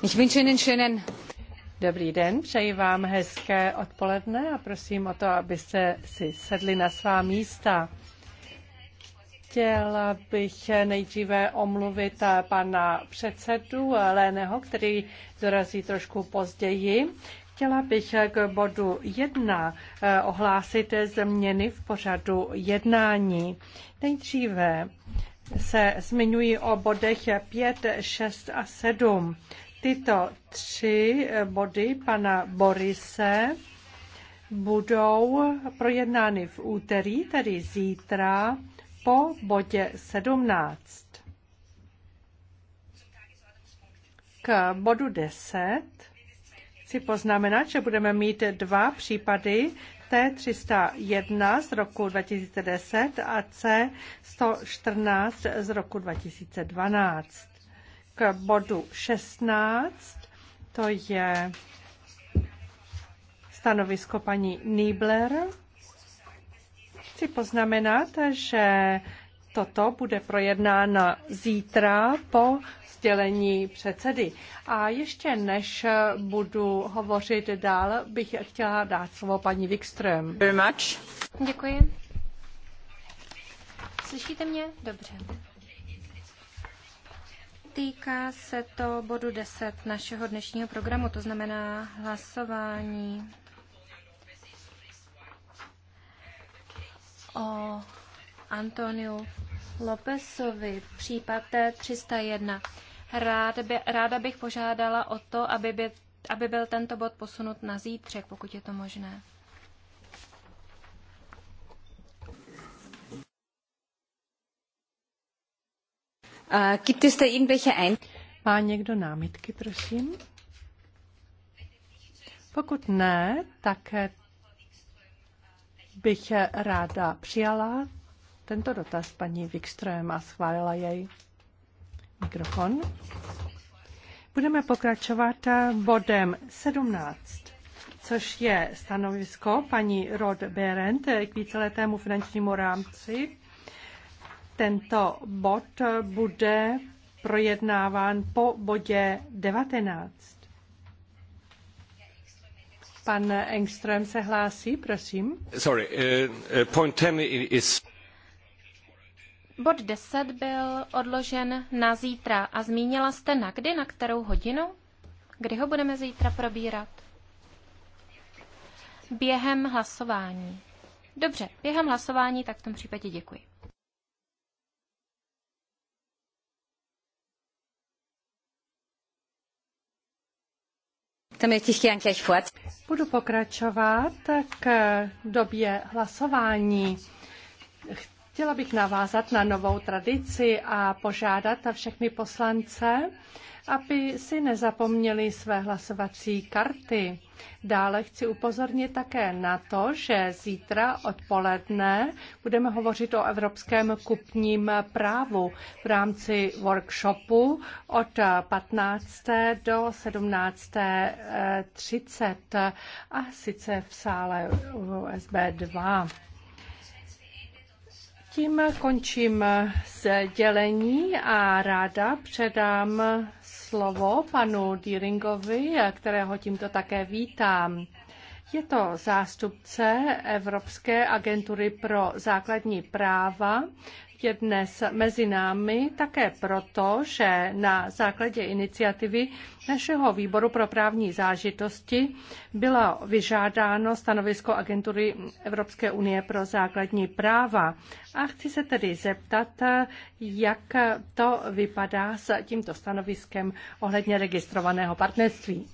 Ich wünsche Ihnen schönen Dobrý den, přeji vám hezké odpoledne a prosím o to, abyste si sedli na svá místa. Chtěla bych nejdříve omluvit pana předsedu Léného, který dorazí trošku později. Chtěla bych k bodu jedna ohlásit změny v pořadu jednání. Nejdříve se zmiňuji o bodech 5, 6 a 7. Tyto tři eh, body pana Borise budou projednány v úterý, tedy zítra, po bodě 17. K bodu 10 si poznamenat, že budeme mít dva případy T301 z roku 2010 a C114 z roku 2012 k bodu 16. To je stanovisko paní Niebler. Chci poznamenat, že toto bude projednáno zítra po sdělení předsedy. A ještě než budu hovořit dál, bych chtěla dát slovo paní Wikström. Very much. Děkuji. Slyšíte mě? Dobře. Týká se to bodu 10 našeho dnešního programu, to znamená hlasování o Antoniu Lópezovi, případ T301. Rád by, ráda bych požádala o to, aby, by, aby byl tento bod posunut na zítřek, pokud je to možné. Uh, gibt es da irgendwelche Ein Má někdo námitky, prosím? Pokud ne, tak eh, bych eh, ráda přijala tento dotaz paní Wikström a schválila jej mikrofon. Budeme pokračovat eh, bodem 17, což je stanovisko paní Rod Berend k víceletému finančnímu rámci tento bod bude projednáván po bodě 19. Pan Engström se hlásí, prosím. Sorry, uh, point 10 is... Bod 10 byl odložen na zítra a zmínila jste na kdy, na kterou hodinu? Kdy ho budeme zítra probírat? Během hlasování. Dobře, během hlasování, tak v tom případě děkuji. Budu pokračovat k době hlasování. Chtěla bych navázat na novou tradici a požádat všechny poslance, aby si nezapomněli své hlasovací karty. Dále chci upozornit také na to, že zítra odpoledne budeme hovořit o evropském kupním právu v rámci workshopu od 15. do 17.30 a sice v sále USB 2 tím končím sdělení a ráda předám slovo panu Dýringovi, kterého tímto také vítám. Je to zástupce Evropské agentury pro základní práva, je dnes mezi námi také proto, že na základě iniciativy našeho výboru pro právní zážitosti bylo vyžádáno stanovisko agentury Evropské unie pro základní práva. A chci se tedy zeptat, jak to vypadá s tímto stanoviskem ohledně registrovaného partnerství.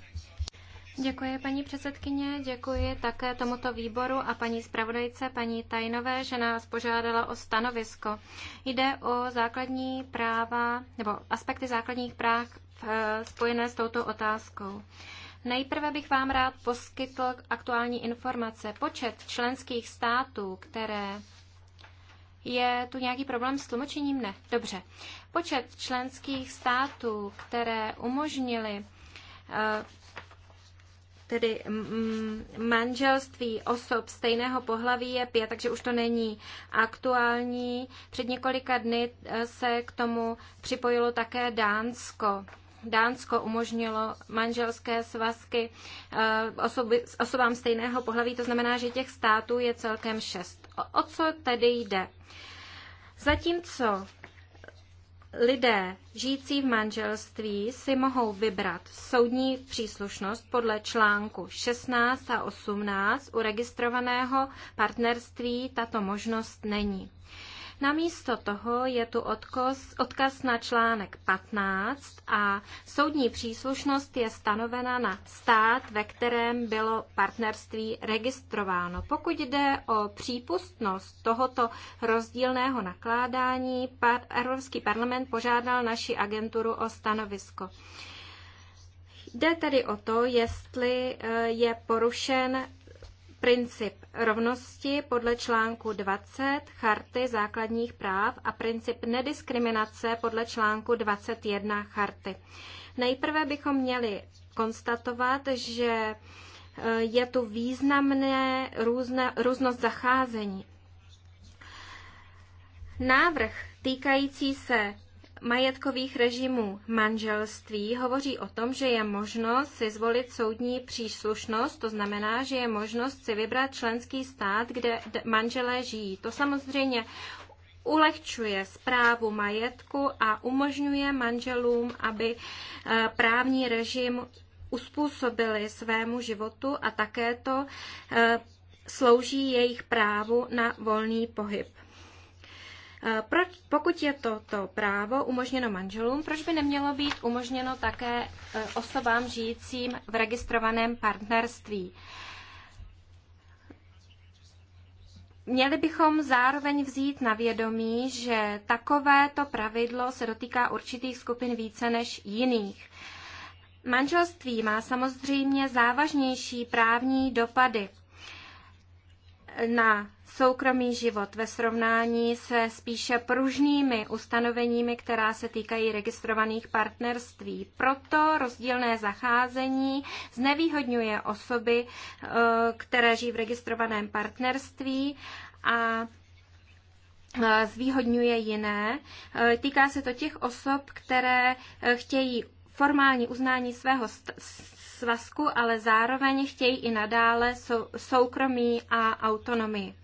Děkuji paní předsedkyně, děkuji také tomuto výboru a paní zpravodajce, paní Tajnové, že nás požádala o stanovisko. Jde o základní práva nebo aspekty základních práv eh, spojené s touto otázkou. Nejprve bych vám rád poskytl aktuální informace. Počet členských států, které je tu nějaký problém s tlumočením? Ne. Dobře. Počet členských států, které umožnili eh, tedy manželství osob stejného pohlaví je pět, takže už to není aktuální. Před několika dny eh, se k tomu připojilo také Dánsko. Dánsko umožnilo manželské svazky eh, osoby, osobám stejného pohlaví, to znamená, že těch států je celkem šest. O, o co tedy jde? Zatímco lidé žijící v manželství si mohou vybrat soudní příslušnost podle článku 16 a 18 u registrovaného partnerství tato možnost není. Namísto toho je tu odkaz, odkaz na článek 15 a soudní příslušnost je stanovena na stát, ve kterém bylo partnerství registrováno. Pokud jde o přípustnost tohoto rozdílného nakládání, par, Evropský parlament požádal naši agenturu o stanovisko. Jde tedy o to, jestli eh, je porušen princip rovnosti podle článku 20 Charty základních práv a princip nediskriminace podle článku 21 Charty. Nejprve bychom měli konstatovat, že eh, je tu významné různé, různost zacházení. Návrh týkající se majetkových režimů manželství hovoří o tom, že je možnost si zvolit soudní příslušnost, to znamená, že je možnost si vybrat členský stát, kde manželé žijí. To samozřejmě ulehčuje zprávu majetku a umožňuje manželům, aby eh, právní režim uspůsobili svému životu a také to eh, slouží jejich právu na volný pohyb. Eh, proč, pokud je toto právo umožněno manželům, proč by nemělo být umožněno také eh, osobám žijícím v registrovaném partnerství? Měli bychom zároveň vzít na vědomí, že takovéto pravidlo se dotýká určitých skupin více než jiných. Manželství má samozřejmě závažnější právní dopady na soukromý život ve srovnání se spíše pružnými ustanoveními, která se týkají registrovaných partnerství. Proto rozdílné zacházení znevýhodňuje osoby, eh, které žijí v registrovaném partnerství a eh, zvýhodňuje jiné. Eh, týká se to těch osob, které chtějí formální uznání svého svazku, ale zároveň chtějí i nadále sou- soukromí a autonomii.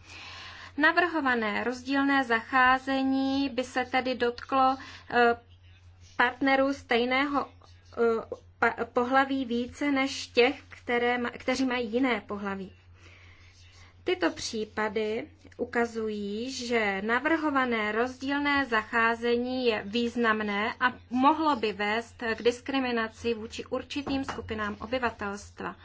Navrhované rozdílné zacházení by se tedy dotklo e, partnerů stejného e, pohlaví více než těch, které, kteří mají jiné pohlaví. Tyto případy ukazují, že navrhované rozdílné zacházení je významné a mohlo by vést k diskriminaci vůči určitým skupinám obyvatelstva.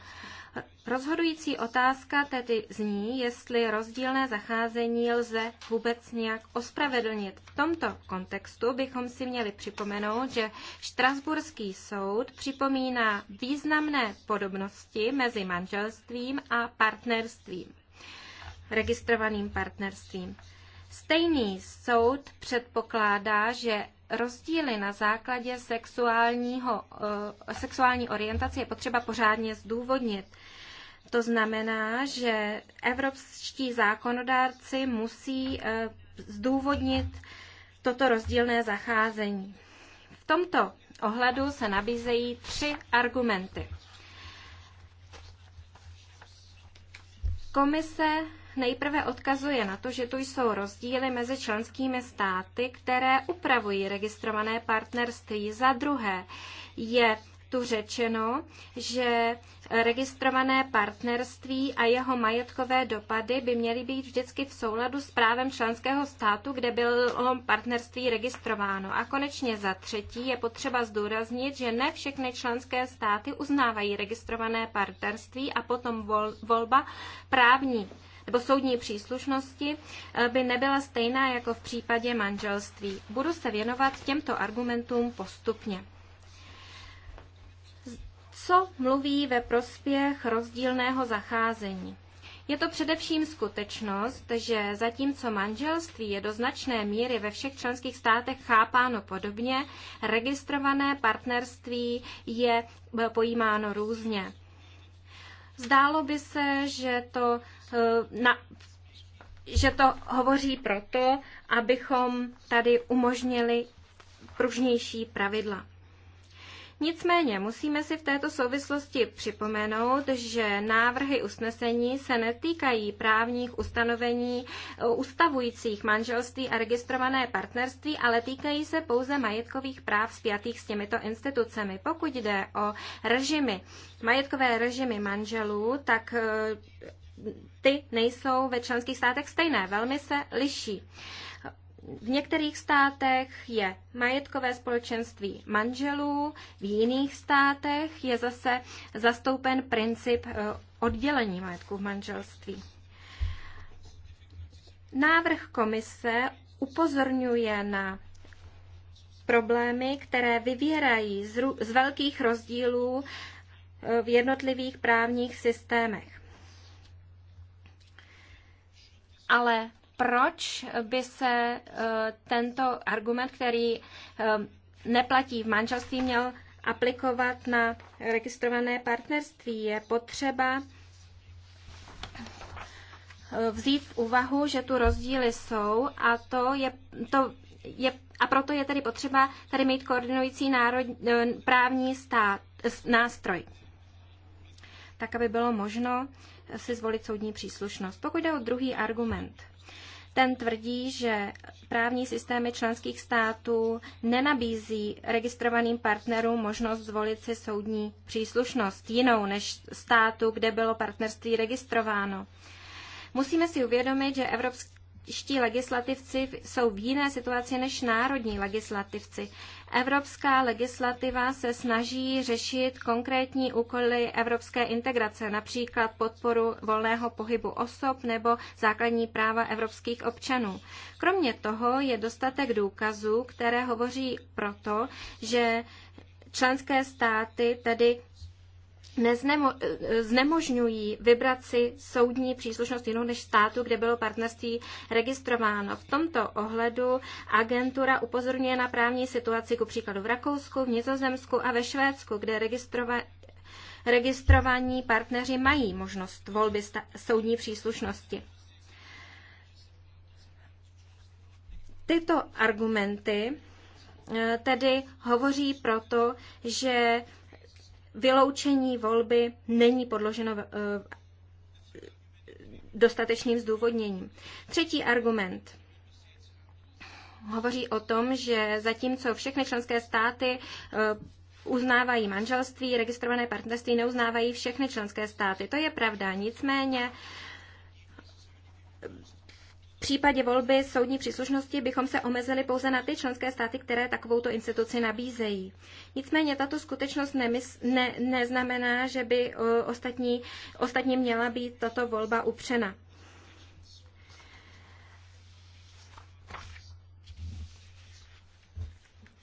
Rozhodující otázka tedy zní, jestli rozdílné zacházení lze vůbec nějak ospravedlnit. V tomto kontextu bychom si měli připomenout, že Štrasburský soud připomíná významné podobnosti mezi manželstvím a partnerstvím registrovaným partnerstvím. Stejný soud předpokládá, že rozdíly na základě sexuálního, eh, sexuální orientace je potřeba pořádně zdůvodnit. To znamená, že evropští zákonodárci musí eh, zdůvodnit toto rozdílné zacházení. V tomto ohledu se nabízejí tři argumenty. Komise nejprve odkazuje na to, že tu jsou rozdíly mezi členskými státy, které upravují registrované partnerství. Za druhé je tu řečeno, že registrované partnerství a jeho majetkové dopady by měly být vždycky v souladu s právem členského státu, kde bylo partnerství registrováno. A konečně za třetí je potřeba zdůraznit, že ne všechny členské státy uznávají registrované partnerství a potom volba právní nebo soudní příslušnosti eh, by nebyla stejná jako v případě manželství. Budu se věnovat těmto argumentům postupně. Co mluví ve prospěch rozdílného zacházení? Je to především skutečnost, že zatímco manželství je do značné míry ve všech členských státech chápáno podobně, registrované partnerství je pojímáno různě. Zdálo by se, že to Eh, na, že to hovoří proto, abychom tady umožnili pružnější pravidla. Nicméně musíme si v této souvislosti připomenout, že návrhy usnesení se netýkají právních ustanovení eh, ustavujících manželství a registrované partnerství, ale týkají se pouze majetkových práv spjatých s těmito institucemi. Pokud jde o režimy, majetkové režimy manželů, tak eh, ty nejsou ve členských státech stejné, velmi se liší. V některých státech je majetkové společenství manželů, v jiných státech je zase zastoupen princip eh, oddělení majetku v manželství. Návrh komise upozorňuje na problémy, které vyvírají z velkých rozdílů eh, v jednotlivých právních systémech. Ale proč by se eh, tento argument, který eh, neplatí v manželství, měl aplikovat na registrované partnerství? Je potřeba eh, vzít v úvahu, že tu rozdíly jsou a to je, to je a proto je tedy potřeba tady mít koordinující národ, právní stát, nástroj tak aby bylo možno si zvolit soudní příslušnost. Pokud jde o druhý argument, ten tvrdí, že právní systémy členských států nenabízí registrovaným partnerům možnost zvolit si soudní příslušnost jinou než státu, kde bylo partnerství registrováno. Musíme si uvědomit, že Evropský evropští legislativci jsou v jiné situaci než národní legislativci. Evropská legislativa se snaží řešit konkrétní úkoly evropské integrace, například podporu volného pohybu osob nebo základní práva evropských občanů. Kromě toho je dostatek důkazů, které hovoří proto, že členské státy tedy neznemo, znemožňují vybrat si soudní příslušnost jinou než státu, kde bylo partnerství registrováno. V tomto ohledu agentura upozorňuje na právní situaci, ku příkladu v Rakousku, v Nizozemsku a ve Švédsku, kde registrova, registrovaní partneři mají možnost volby sta, soudní příslušnosti. Tyto argumenty eh, tedy hovoří proto, že vyloučení volby není podloženo eh, dostatečným zdůvodněním. Třetí argument hovoří o tom, že zatímco všechny členské státy eh, uznávají manželství, registrované partnerství neuznávají všechny členské státy. To je pravda, nicméně v případě volby soudní příslušnosti bychom se omezili pouze na ty členské státy, které takovouto instituci nabízejí. Nicméně tato skutečnost nemys- ne- neznamená, že by eh, ostatní, ostatní měla být tato volba upřena.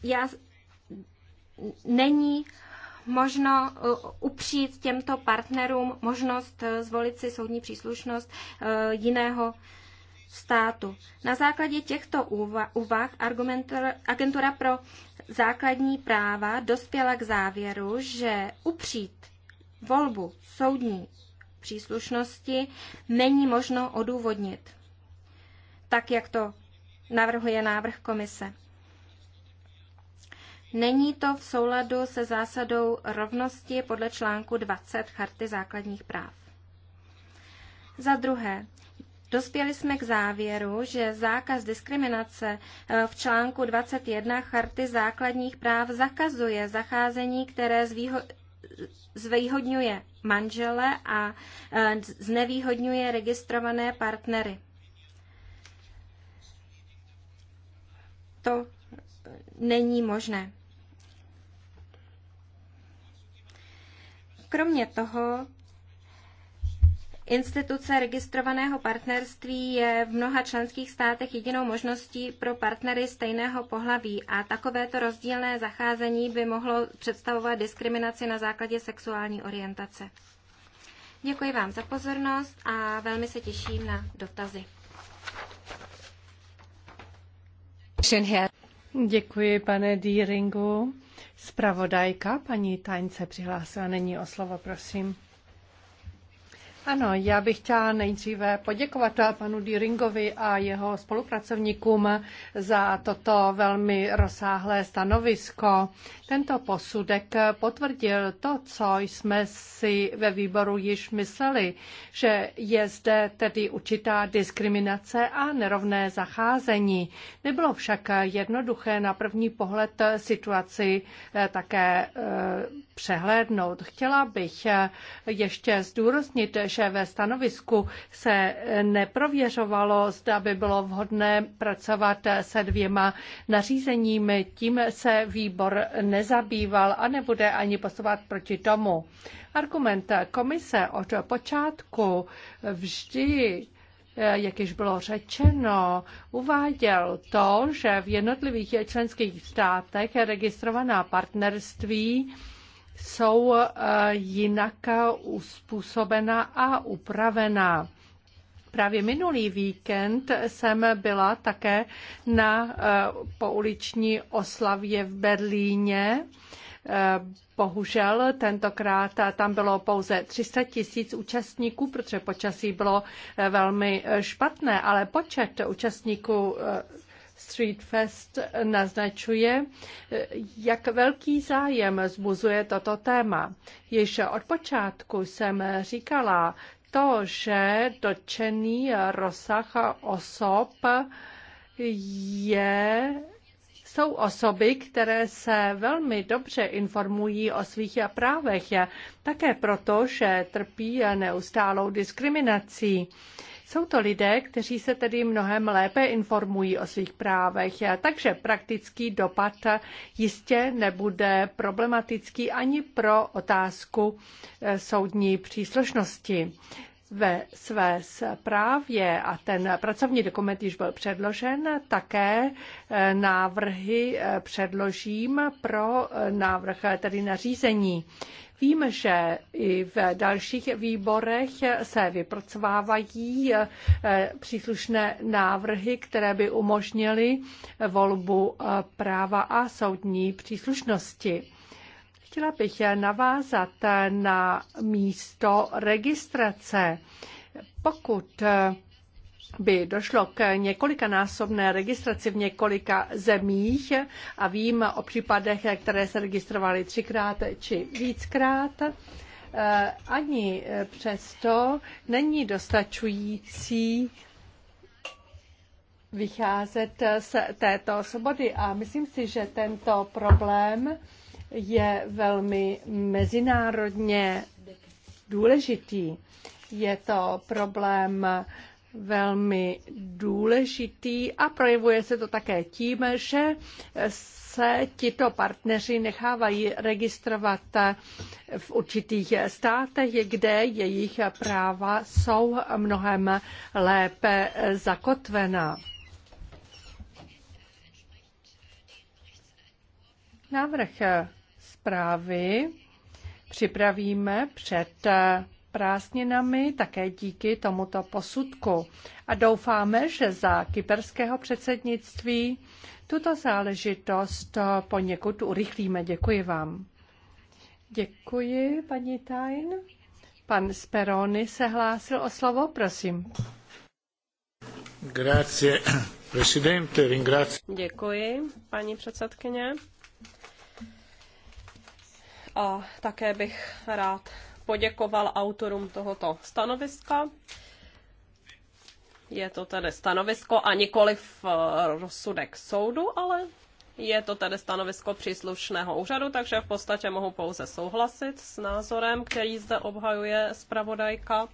Já, není možno eh, upřít těmto partnerům možnost eh, zvolit si soudní příslušnost jiného státu. Na základě těchto úvah Agentura pro základní práva dospěla k závěru, že upřít volbu soudní příslušnosti není možno odůvodnit, tak jak to navrhuje návrh komise. Není to v souladu se zásadou rovnosti podle článku 20 Charty základních práv. Za druhé, Dospěli jsme k závěru, že zákaz diskriminace eh, v článku 21 Charty základních práv zakazuje zacházení, které zvýhodňuje manžele a eh, znevýhodňuje registrované partnery. To není možné. Kromě toho Instituce registrovaného partnerství je v mnoha členských státech jedinou možností pro partnery stejného pohlaví a takovéto rozdílné zacházení by mohlo představovat diskriminaci na základě sexuální orientace. Děkuji vám za pozornost a velmi se těším na dotazy. Děkuji, pane Dýringu. Spravodajka, paní Tajnce přihlásila, není o slovo, prosím. Ano, já bych chtěla nejdříve poděkovat panu Dýringovi a jeho spolupracovníkům za toto velmi rozsáhlé stanovisko. Tento posudek potvrdil to, co jsme si ve výboru již mysleli, že je zde tedy určitá diskriminace a nerovné zacházení. Nebylo však jednoduché na první pohled situaci eh, také eh, přehlédnout. Chtěla bych eh, ještě zdůraznit, že ve stanovisku se eh, neprověřovalo, zda by bylo vhodné pracovat eh, se dvěma nařízeními. Tím se výbor nezabýval a nebude ani posovat proti tomu. Argument komise od počátku vždy jak již bylo řečeno, uváděl to, že v jednotlivých členských státech registrovaná partnerství jsou eh, jinak eh, uspůsobená a upravená. Právě minulý víkend jsem byla také na eh, pouliční oslavě v Berlíně. Bohužel tentokrát tam bylo pouze 300 tisíc účastníků, protože počasí bylo velmi špatné, ale počet účastníků Street Fest naznačuje, jak velký zájem zbuzuje toto téma. Již od počátku jsem říkala to, že dočený rozsah osob je jsou osoby, které se velmi dobře informují o svých právech, také proto, že trpí neustálou diskriminací. Jsou to lidé, kteří se tedy mnohem lépe informují o svých právech, takže praktický dopad jistě nebude problematický ani pro otázku eh, soudní příslušnosti ve své zprávě, a ten pracovní dokument již byl předložen, také eh, návrhy eh, předložím pro návrh tedy nařízení. Vím, že i v dalších výborech se vypracovávají eh, příslušné návrhy, které by umožnily volbu eh, práva a soudní příslušnosti. Chtěla bych navázat eh, na místo registrace. Pokud by došlo k několikanásobné registraci v několika zemích a vím o případech, které se registrovaly třikrát či víckrát, eh, ani přesto není dostačující vycházet z této svobody. A myslím si, že tento problém je velmi mezinárodně důležitý. Je to problém velmi důležitý a projevuje se to také tím, že se tito partneři nechávají registrovat v určitých státech, kde jejich práva jsou mnohem lépe zakotvená. Návrh zprávy připravíme před prázdninami také díky tomuto posudku. A doufáme, že za kyperského předsednictví tuto záležitost poněkud urychlíme. Děkuji vám. Děkuji, paní Tajn. Pan Speroni se hlásil o slovo, prosím. Grazie, presidente, ringrazio. Děkuji, paní předsedkyně. A také bych rád poděkoval autorům tohoto stanoviska. Je to tedy stanovisko a nikoliv eh, rozsudek soudu, ale je to tedy stanovisko příslušného úřadu, takže v podstatě mohu pouze souhlasit s názorem, který zde obhajuje zpravodajka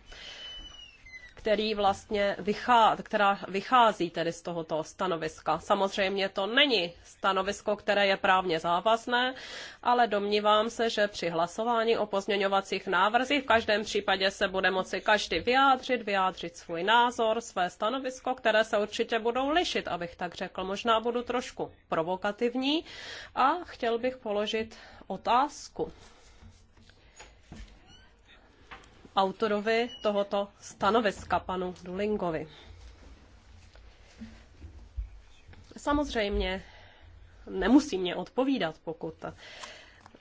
který vlastně vychá, která vychází tedy z tohoto stanoviska. Samozřejmě to není stanovisko, které je právně závazné, ale domnívám se, že při hlasování o pozměňovacích návrzích v každém případě se bude moci každý vyjádřit, vyjádřit svůj názor, své stanovisko, které se určitě budou lišit, abych tak řekl. Možná budu trošku provokativní a chtěl bych položit otázku autorovi tohoto stanoviska, panu Dulingovi. Samozřejmě nemusí mě odpovídat, pokud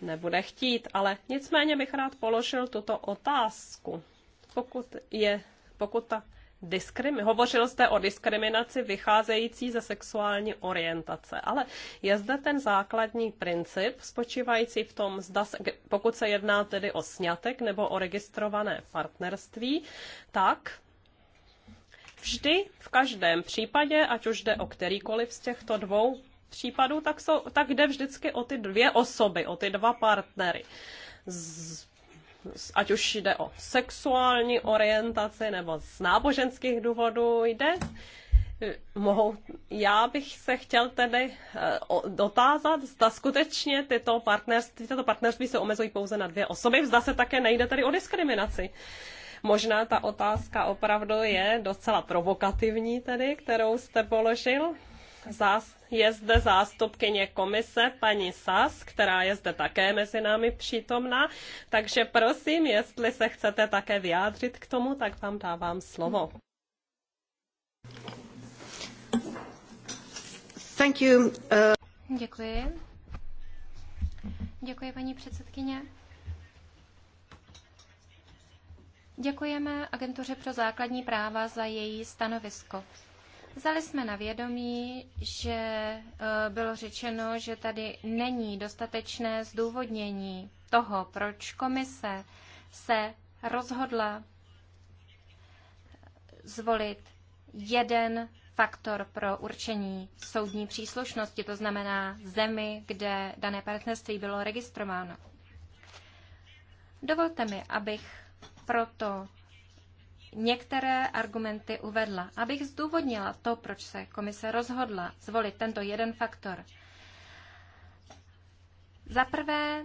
nebude chtít, ale nicméně bych rád položil tuto otázku. Pokud je, pokud ta diskrimi- hovořil jste o diskriminaci vycházející ze sexuální orientace, ale je zde ten základní princip spočívající v tom, zda se, pokud se jedná tedy o sňatek nebo o registrované partnerství, tak vždy v každém případě, ať už jde o kterýkoliv z těchto dvou případů, tak, jsou, tak jde vždycky o ty dvě osoby, o ty dva partnery. Z ať už jde o sexuální orientaci nebo z náboženských důvodů, jde mohou. Já bych se chtěl tedy eh, dotázat, zda skutečně tyto partnerství, tyto partnerství se omezují pouze na dvě osoby, zda se také nejde tady o diskriminaci. Možná ta otázka opravdu je docela provokativní tedy, kterou jste položil, Zás, je zde zástupkyně komise paní Sas, která je zde také mezi námi přítomná. Takže prosím, jestli se chcete také vyjádřit k tomu, tak vám dávám slovo. Thank you. Uh... Děkuji. Děkuji, paní předsedkyně. Děkujeme Agentuře pro základní práva za její stanovisko. Vzali jsme na vědomí, že eh, bylo řečeno, že tady není dostatečné zdůvodnění toho, proč komise se rozhodla zvolit jeden faktor pro určení soudní příslušnosti, to znamená zemi, kde dané partnerství bylo registrováno. Dovolte mi, abych proto některé argumenty uvedla, abych zdůvodnila to, proč se komise rozhodla zvolit tento jeden faktor. Za prvé,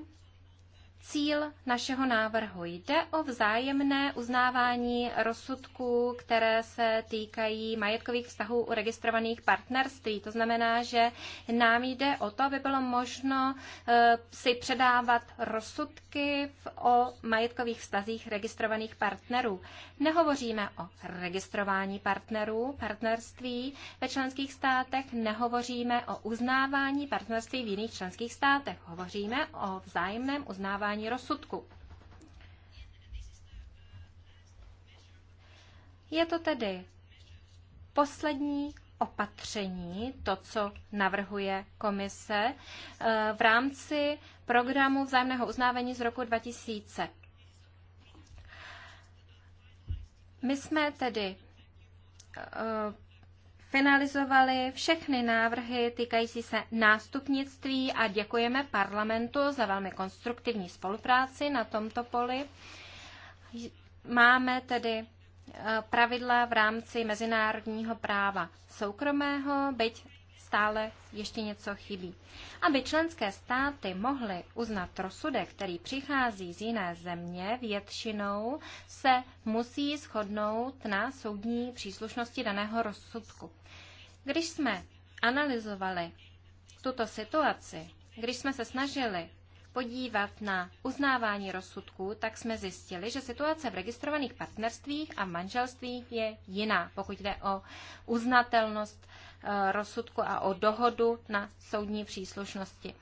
cíl našeho návrhu. Jde o vzájemné uznávání rozsudků, které se týkají majetkových vztahů u registrovaných partnerství. To znamená, že nám jde o to, aby bylo možno eh, si předávat rozsudky o majetkových vztazích registrovaných partnerů. Nehovoříme o registrování partnerů, partnerství ve členských státech, nehovoříme o uznávání partnerství v jiných členských státech. Hovoříme o vzájemném uznávání vydání rozsudku. Je to tedy poslední opatření, to, co navrhuje komise eh, v rámci programu vzájemného uznávání z roku 2000. My jsme tedy eh, finalizovali všechny návrhy týkající se nástupnictví a děkujeme parlamentu za velmi konstruktivní spolupráci na tomto poli. Máme tedy eh, pravidla v rámci mezinárodního práva soukromého, byť stále ještě něco chybí. Aby členské státy mohly uznat rozsudek, který přichází z jiné země, většinou se musí shodnout na soudní příslušnosti daného rozsudku. Když jsme analyzovali tuto situaci, když jsme se snažili podívat na uznávání rozsudků, tak jsme zjistili, že situace v registrovaných partnerstvích a manželstvích je jiná, pokud jde o uznatelnost eh, rozsudku a o dohodu na soudní příslušnosti.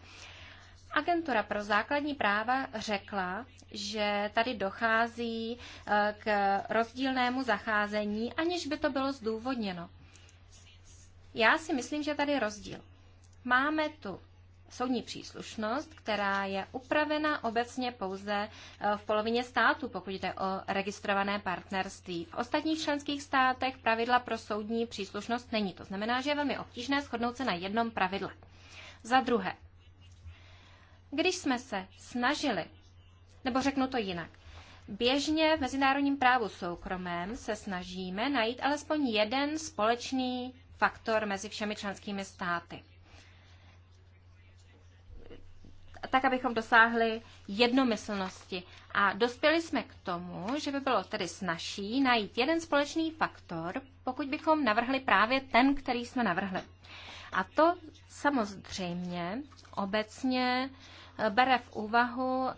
Agentura pro základní práva řekla, že tady dochází eh, k rozdílnému zacházení, aniž by to bylo zdůvodněno. Já si myslím, že tady rozdíl. Máme tu soudní příslušnost, která je upravena obecně pouze e, v polovině státu, pokud jde o registrované partnerství. V ostatních členských státech pravidla pro soudní příslušnost není. To znamená, že je velmi obtížné shodnout se na jednom pravidle. Za druhé, když jsme se snažili, nebo řeknu to jinak, Běžně v mezinárodním právu soukromém se snažíme najít alespoň jeden společný faktor mezi všemi členskými státy. Tak, abychom dosáhli jednomyslnosti. A dospěli jsme k tomu, že by bylo tedy snažší najít jeden společný faktor, pokud bychom navrhli právě ten, který jsme navrhli. A to samozřejmě obecně eh, bere v úvahu eh,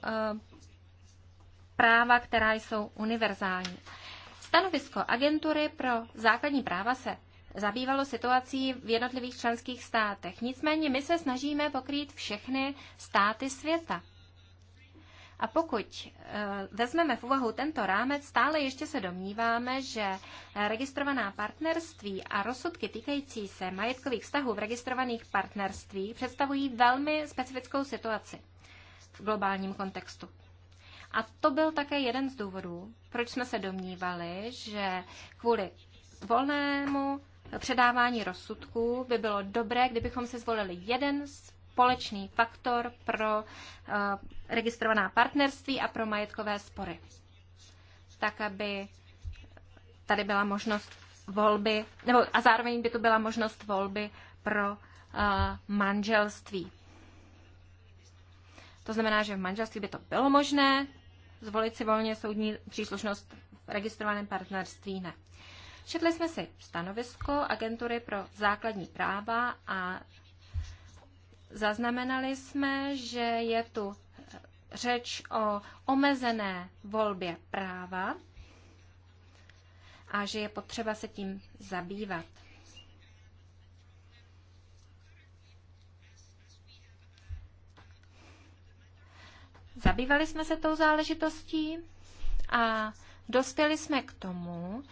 práva, která jsou univerzální. Stanovisko agentury pro základní práva se zabývalo situací v jednotlivých členských státech. Nicméně my se snažíme pokrýt všechny státy světa. A pokud eh, vezmeme v úvahu tento rámec, stále ještě se domníváme, že registrovaná partnerství a rozsudky týkající se majetkových vztahů v registrovaných partnerství představují velmi specifickou situaci v globálním kontextu. A to byl také jeden z důvodů, proč jsme se domnívali, že kvůli volnému předávání rozsudků by bylo dobré, kdybychom si zvolili jeden společný faktor pro eh, registrovaná partnerství a pro majetkové spory. Tak, aby tady byla možnost volby, nebo a zároveň by tu byla možnost volby pro uh, manželství. To znamená, že v manželství by to bylo možné, zvolit si volně soudní příslušnost v registrovaném partnerství ne. Četli jsme si stanovisko Agentury pro základní práva a zaznamenali jsme, že je tu řeč o omezené volbě práva a že je potřeba se tím zabývat. Zabývali jsme se tou záležitostí a dospěli jsme k tomu,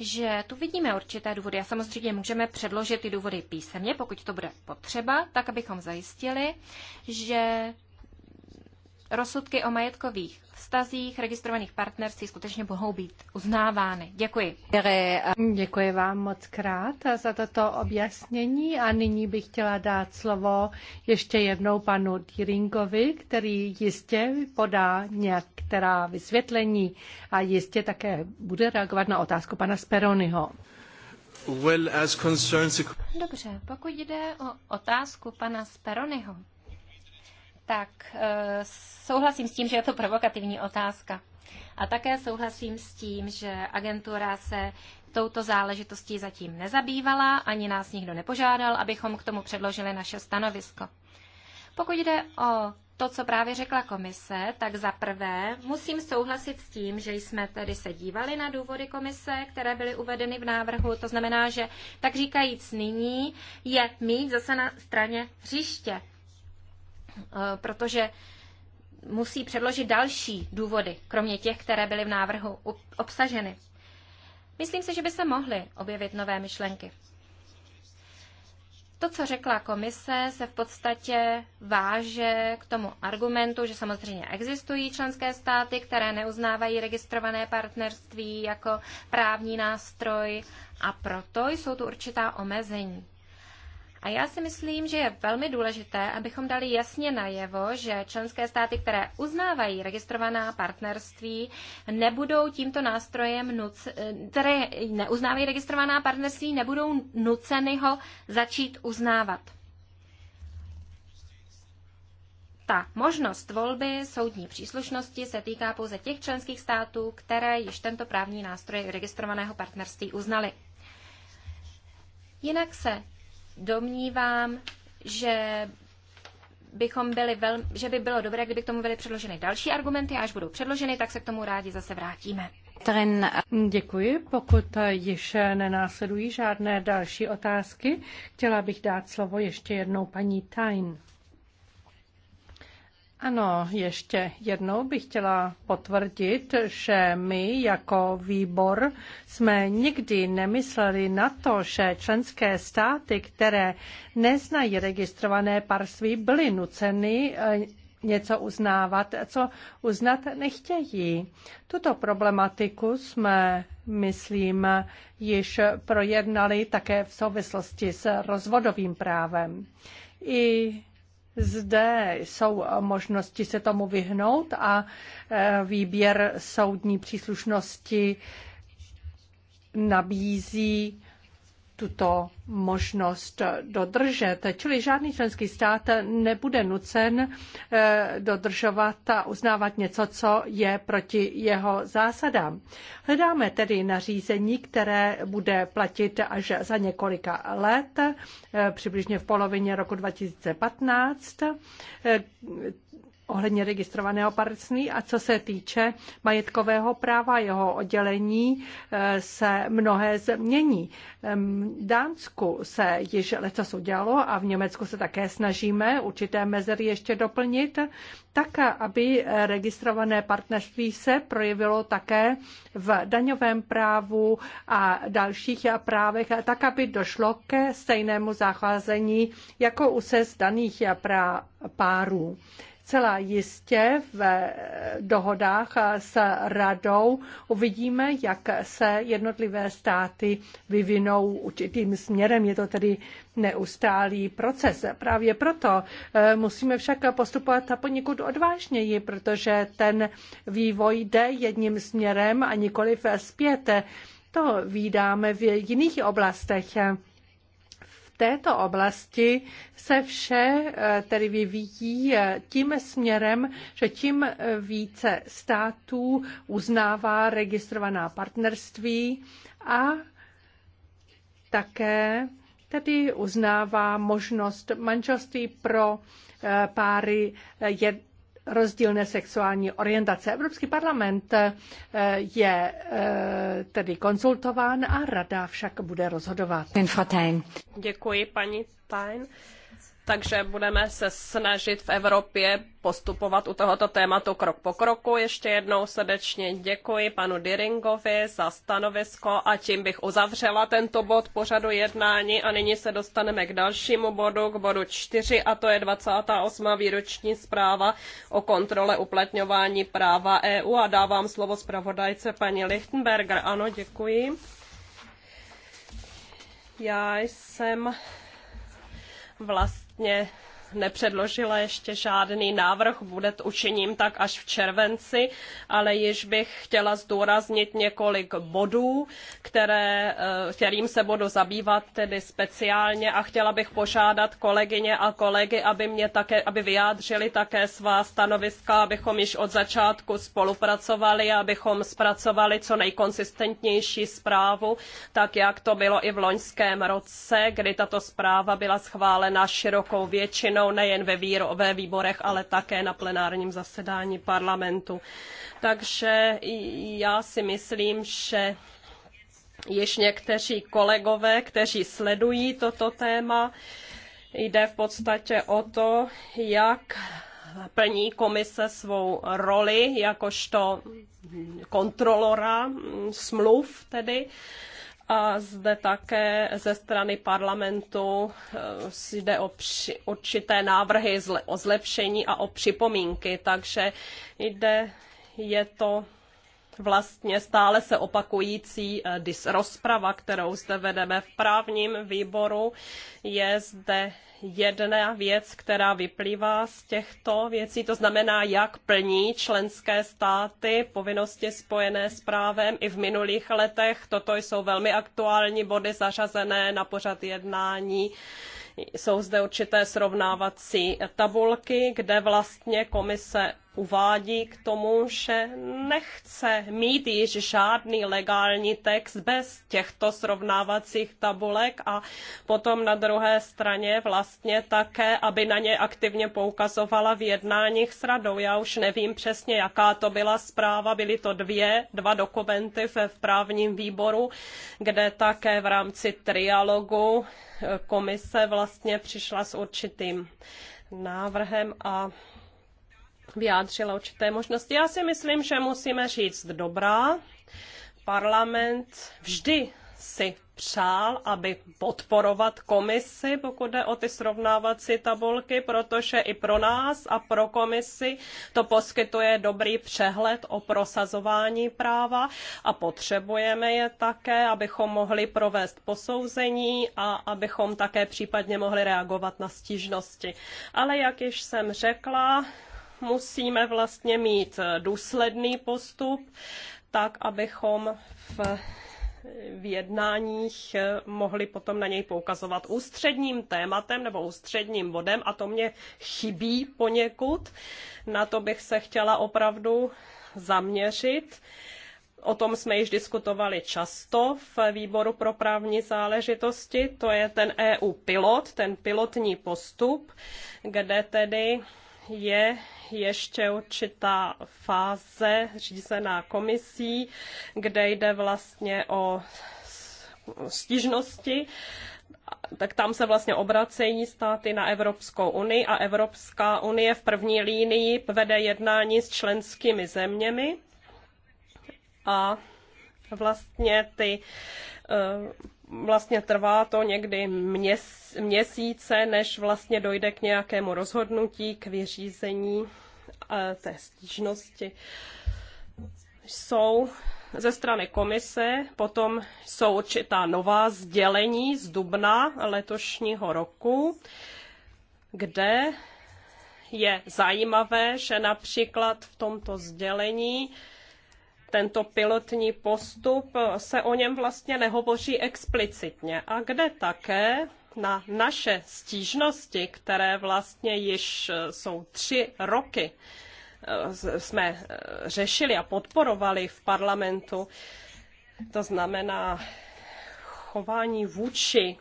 že tu vidíme určité důvody a samozřejmě můžeme předložit ty důvody písemně, pokud to bude potřeba, tak abychom zajistili, že rozsudky o majetkových vztazích registrovaných partnerství skutečně mohou být uznávány. Děkuji. Děkuji vám moc krát za toto objasnění a nyní bych chtěla dát slovo ještě jednou panu Dýrinkovi, který jistě podá některá vysvětlení a jistě také bude reagovat na otázku pana Speronyho. Well, as concerns... Dobře, pokud jde o otázku pana Speronyho, tak eh, souhlasím s tím, že je to provokativní otázka. A také souhlasím s tím, že agentura se touto záležitostí zatím nezabývala, ani nás nikdo nepožádal, abychom k tomu předložili naše stanovisko. Pokud jde o to, co právě řekla komise, tak za prvé musím souhlasit s tím, že jsme tedy se dívali na důvody komise, které byly uvedeny v návrhu. To znamená, že tak říkajíc nyní je mít zase na straně hřiště. Eh, protože musí předložit další důvody, kromě těch, které byly v návrhu obsaženy. Myslím si, že by se mohly objevit nové myšlenky. To, co řekla komise, se v podstatě váže k tomu argumentu, že samozřejmě existují členské státy, které neuznávají registrované partnerství jako právní nástroj a proto jsou tu určitá omezení. A já si myslím, že je velmi důležité, abychom dali jasně najevo, že členské státy, které uznávají registrovaná partnerství, nebudou tímto nástrojem, nuc, které neuznávají registrovaná partnerství, nebudou nuceny ho začít uznávat. Ta možnost volby soudní příslušnosti se týká pouze těch členských států, které již tento právní nástroj registrovaného partnerství uznali. Jinak se domnívám, že bychom byli vel, že by bylo dobré, kdyby k tomu byly předloženy další argumenty a až budou předloženy, tak se k tomu rádi zase vrátíme. Děkuji. Pokud již nenásledují žádné další otázky, chtěla bych dát slovo ještě jednou paní Tain. Ano, ještě jednou bych chtěla potvrdit, že my jako výbor jsme nikdy nemysleli na to, že členské státy, které neznají registrované parství, byly nuceny eh, něco uznávat, co uznat nechtějí. Tuto problematiku jsme, myslím, již projednali také v souvislosti s rozvodovým právem. I zde jsou možnosti se tomu vyhnout a e, výběr soudní příslušnosti nabízí tuto možnost dodržet. Čili žádný členský stát nebude nucen eh, dodržovat a uznávat něco, co je proti jeho zásadám. Hledáme tedy nařízení, které bude platit až za několika let, eh, přibližně v polovině roku 2015 eh, ohledně registrovaného partnerství a co se týče majetkového práva, jeho oddělení eh, se mnohé změní. V Dánsku se již letos udělalo a v Německu se také snažíme určité mezery ještě doplnit, tak aby registrované partnerství se projevilo také v daňovém právu a dalších právech, tak aby došlo ke stejnému zacházení jako u se zdaných párů. Zcela jistě v dohodách s radou uvidíme, jak se jednotlivé státy vyvinou určitým směrem. Je to tedy neustálý proces. Právě proto eh, musíme však postupovat poněkud odvážněji, protože ten vývoj jde jedním směrem a nikoliv zpět. To vídáme v jiných oblastech této oblasti se vše eh, tedy vyvíjí eh, tím směrem, že tím více států uznává registrovaná partnerství a také tedy uznává možnost manželství pro eh, páry rozdílné sexuální orientace. Evropský parlament eh, je eh, tedy konzultován a rada však bude rozhodovat. Děkuji, paní Stein takže budeme se snažit v Evropě postupovat u tohoto tématu krok po kroku. Ještě jednou srdečně děkuji panu Diringovi za stanovisko a tím bych uzavřela tento bod pořadu jednání a nyní se dostaneme k dalšímu bodu, k bodu 4 a to je 28. výroční zpráva o kontrole uplatňování práva EU a dávám slovo zpravodajce paní Lichtenberger. Ano, děkuji. Já jsem vlast vlastně nepředložila ještě žádný návrh, bude to učiním tak až v červenci, ale již bych chtěla zdůraznit několik bodů, které, eh, kterým se budu zabývat tedy speciálně a chtěla bych požádat kolegyně a kolegy, aby, mě také, aby vyjádřili také svá stanoviska, abychom již od začátku spolupracovali, abychom zpracovali co nejkonsistentnější zprávu, tak jak to bylo i v loňském roce, kdy tato zpráva byla schválena širokou většinou většinou nejen ve, výro, ve výborech, ale také na plenárním zasedání parlamentu. Takže já si myslím, že již někteří kolegové, kteří sledují toto téma, jde v podstatě o to, jak plní komise svou roli jakožto kontrolora smluv tedy a zde také ze strany parlamentu eh, jde o při, určité návrhy zle, o zlepšení a o připomínky, takže jde, je to vlastně stále se opakující eh, rozprava, kterou zde vedeme v právním výboru, je zde jedna věc, která vyplývá z těchto věcí, to znamená, jak plní členské státy povinnosti spojené s právem i v minulých letech. Toto jsou velmi aktuální body zařazené na pořad jednání. Jsou zde určité srovnávací tabulky, kde vlastně komise uvádí k tomu, že nechce mít již žádný legální text bez těchto srovnávacích tabulek a potom na druhé straně vlastně také, aby na ně aktivně poukazovala v jednáních s radou. Já už nevím přesně, jaká to byla zpráva, byly to dvě, dva dokumenty ve právním výboru, kde také v rámci trialogu komise vlastně přišla s určitým návrhem a vyjádřila určité možnosti. Já si myslím, že musíme říct dobrá. Parlament vždy si přál, aby podporovat komisi, pokud jde o ty srovnávací tabulky, protože i pro nás a pro komisi to poskytuje dobrý přehled o prosazování práva a potřebujeme je také, abychom mohli provést posouzení a abychom také případně mohli reagovat na stížnosti. Ale jak již jsem řekla, musíme vlastně mít eh, důsledný postup, tak abychom v v jednáních eh, mohli potom na něj poukazovat ústředním tématem nebo ústředním bodem a to mě chybí poněkud. Na to bych se chtěla opravdu zaměřit. O tom jsme již diskutovali často v výboru pro právní záležitosti. To je ten EU pilot, ten pilotní postup, kde tedy je ještě určitá fáze řízená komisí, kde jde vlastně o stížnosti, tak tam se vlastně obracejí státy na Evropskou unii a Evropská unie v první línii vede jednání s členskými zeměmi a vlastně ty uh, vlastně trvá to někdy měsíce, než vlastně dojde k nějakému rozhodnutí, k vyřízení té stížnosti. Jsou ze strany komise, potom jsou určitá nová sdělení z dubna letošního roku, kde je zajímavé, že například v tomto sdělení tento pilotní postup, se o něm vlastně nehovoří explicitně. A kde také na naše stížnosti, které vlastně již eh, jsou tři roky, eh, jsme eh, řešili a podporovali v parlamentu, to znamená chování vůči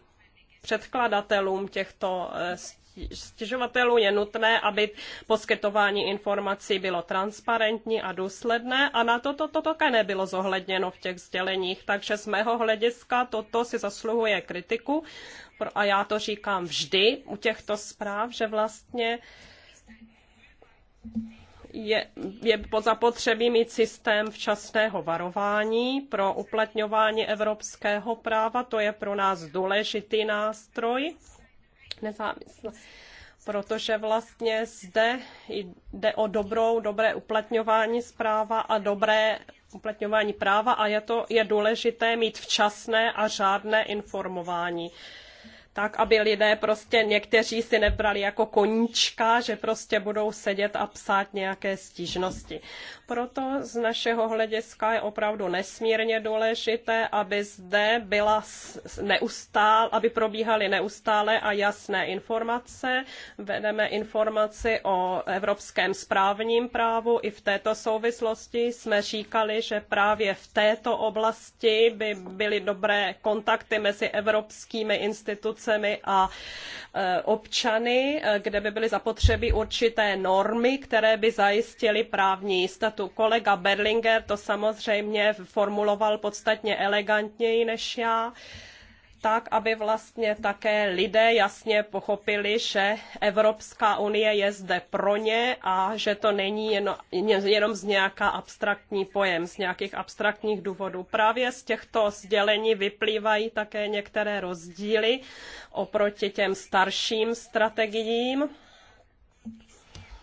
předkladatelům těchto stěžovatelů je nutné, aby poskytování informací bylo transparentní a důsledné a na to toto také to nebylo zohledněno v těch sděleních, takže z mého hlediska toto si zasluhuje kritiku a já to říkám vždy u těchto zpráv, že vlastně je, je zapotřebí mít systém včasného varování pro uplatňování evropského práva. To je pro nás důležitý nástroj nezávisle. Protože vlastně zde jde o dobrou, dobré uplatňování zpráva a dobré uplatňování práva a je, to, je důležité mít včasné a řádné informování tak, aby lidé prostě někteří si nebrali jako koníčka, že prostě budou sedět a psát nějaké stížnosti. Proto z našeho hlediska je opravdu nesmírně důležité, aby zde byla neustále, aby probíhaly neustále a jasné informace. Vedeme informaci o evropském správním právu. I v této souvislosti jsme říkali, že právě v této oblasti by byly dobré kontakty mezi evropskými institucemi institucemi a e, občany, e, kde by byly zapotřebí určité normy, které by zajistily právní jistotu. Kolega Berlinger to samozřejmě formuloval podstatně elegantněji než já tak, aby vlastně také lidé jasně pochopili, že Evropská unie je zde pro ně a že to není jen, jenom z nějaká abstraktní pojem, z nějakých abstraktních důvodů. Právě z těchto sdělení vyplývají také některé rozdíly oproti těm starším strategiím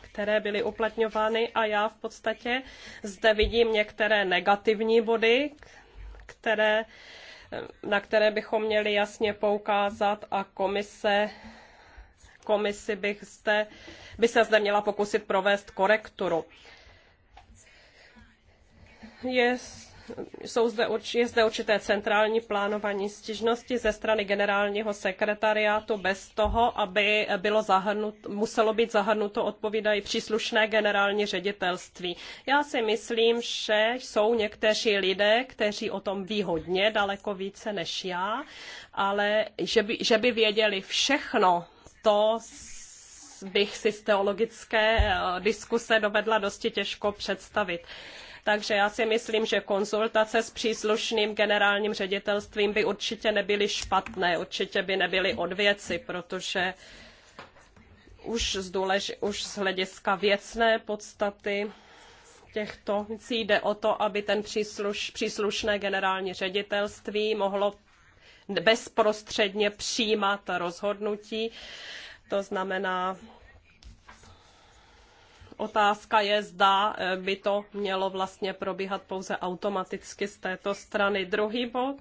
které byly uplatňovány a já v podstatě zde vidím některé negativní body, které na které bychom měli jasně poukázat a komise komisi bych zde, by se zde měla pokusit provést korekturu. Yes jsou zde, je zde určité centrální plánování stížností ze strany generálního sekretariátu bez toho, aby bylo zahrnut, muselo být zahrnuto odpovídají příslušné generální ředitelství. Já si myslím, že jsou někteří lidé, kteří o tom ví hodně, daleko více než já, ale že by, že by věděli všechno, to bych si z teologické eh, diskuse dovedla dosti těžko představit. Takže já si myslím, že konzultace s příslušným generálním ředitelstvím by určitě nebyly špatné, určitě by nebyly od věci, protože už z, důlež, už z hlediska věcné podstaty těchto věcí jde o to, aby ten přísluš, příslušné generální ředitelství mohlo bezprostředně přijímat rozhodnutí. To znamená, otázka je, zda eh, by to mělo vlastně probíhat pouze automaticky z této strany. Druhý bod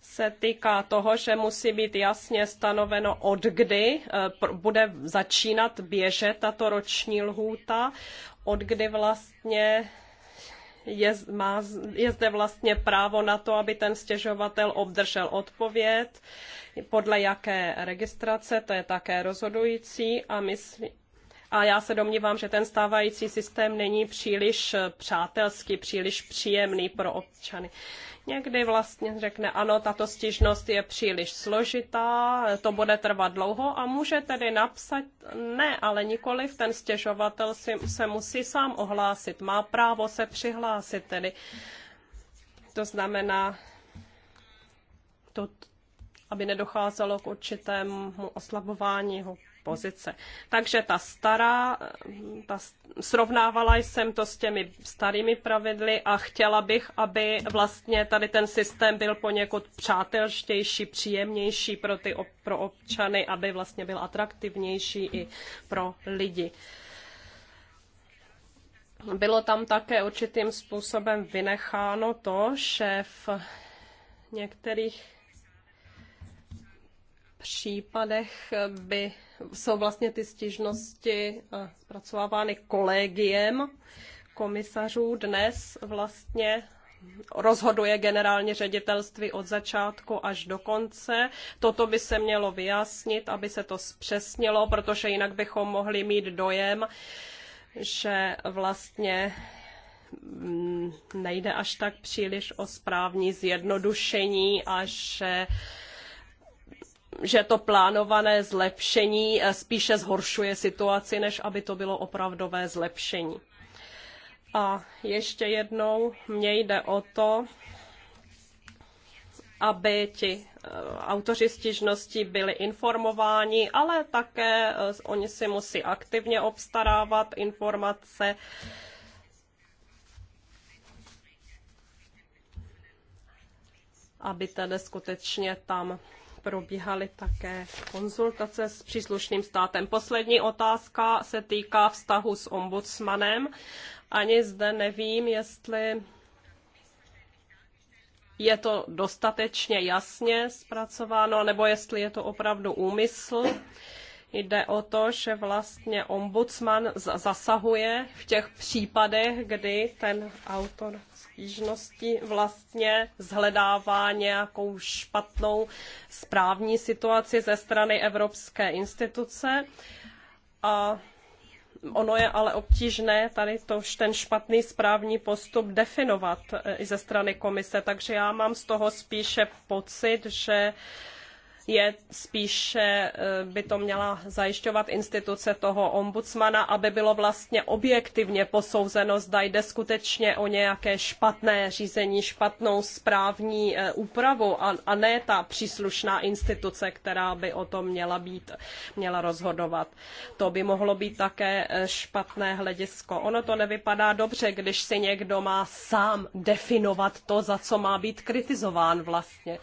se týká toho, že musí být jasně stanoveno, od kdy eh, bude začínat běžet tato roční lhůta, od kdy vlastně je, má, je zde vlastně právo na to, aby ten stěžovatel obdržel odpověď, podle jaké registrace, to je také rozhodující a myslím, a já se domnívám, že ten stávající systém není příliš přátelský, příliš příjemný pro občany. Někdy vlastně řekne, ano, tato stížnost je příliš složitá, to bude trvat dlouho a může tedy napsat ne, ale nikoliv ten stěžovatel si, se musí sám ohlásit, má právo se přihlásit tedy. To znamená, to, aby nedocházelo k určitému oslabování jeho pozice. Takže ta stará, ta, srovnávala jsem to s těmi starými pravidly a chtěla bych, aby vlastně tady ten systém byl poněkud přátelštější, příjemnější pro, ty, pro občany, aby vlastně byl atraktivnější i pro lidi. Bylo tam také určitým způsobem vynecháno to, že v některých případech by jsou vlastně ty stížnosti eh, zpracovávány kolegiem komisařů. Dnes vlastně rozhoduje generální ředitelství od začátku až do konce. Toto by se mělo vyjasnit, aby se to zpřesnilo, protože jinak bychom mohli mít dojem, že vlastně mm, nejde až tak příliš o správní zjednodušení a že že to plánované zlepšení eh, spíše zhoršuje situaci, než aby to bylo opravdové zlepšení. A ještě jednou mně jde o to, aby ti eh, autoři stížností byli informováni, ale také eh, oni si musí aktivně obstarávat informace. aby tedy skutečně tam probíhaly také konzultace s příslušným státem. Poslední otázka se týká vztahu s ombudsmanem. Ani zde nevím, jestli je to dostatečně jasně zpracováno, nebo jestli je to opravdu úmysl. Jde o to, že vlastně ombudsman zasahuje v těch případech, kdy ten autor stížnosti vlastně zhledává nějakou špatnou správní situaci ze strany Evropské instituce. A ono je ale obtížné tady to, ten špatný správní postup definovat eh, i ze strany komise, takže já mám z toho spíše pocit, že je spíše, eh, by to měla zajišťovat instituce toho ombudsmana, aby bylo vlastně objektivně posouzeno, zda jde skutečně o nějaké špatné řízení, špatnou správní eh, úpravu a, a ne ta příslušná instituce, která by o tom měla být, měla rozhodovat. To by mohlo být také eh, špatné hledisko. Ono to nevypadá dobře, když si někdo má sám definovat to, za co má být kritizován vlastně.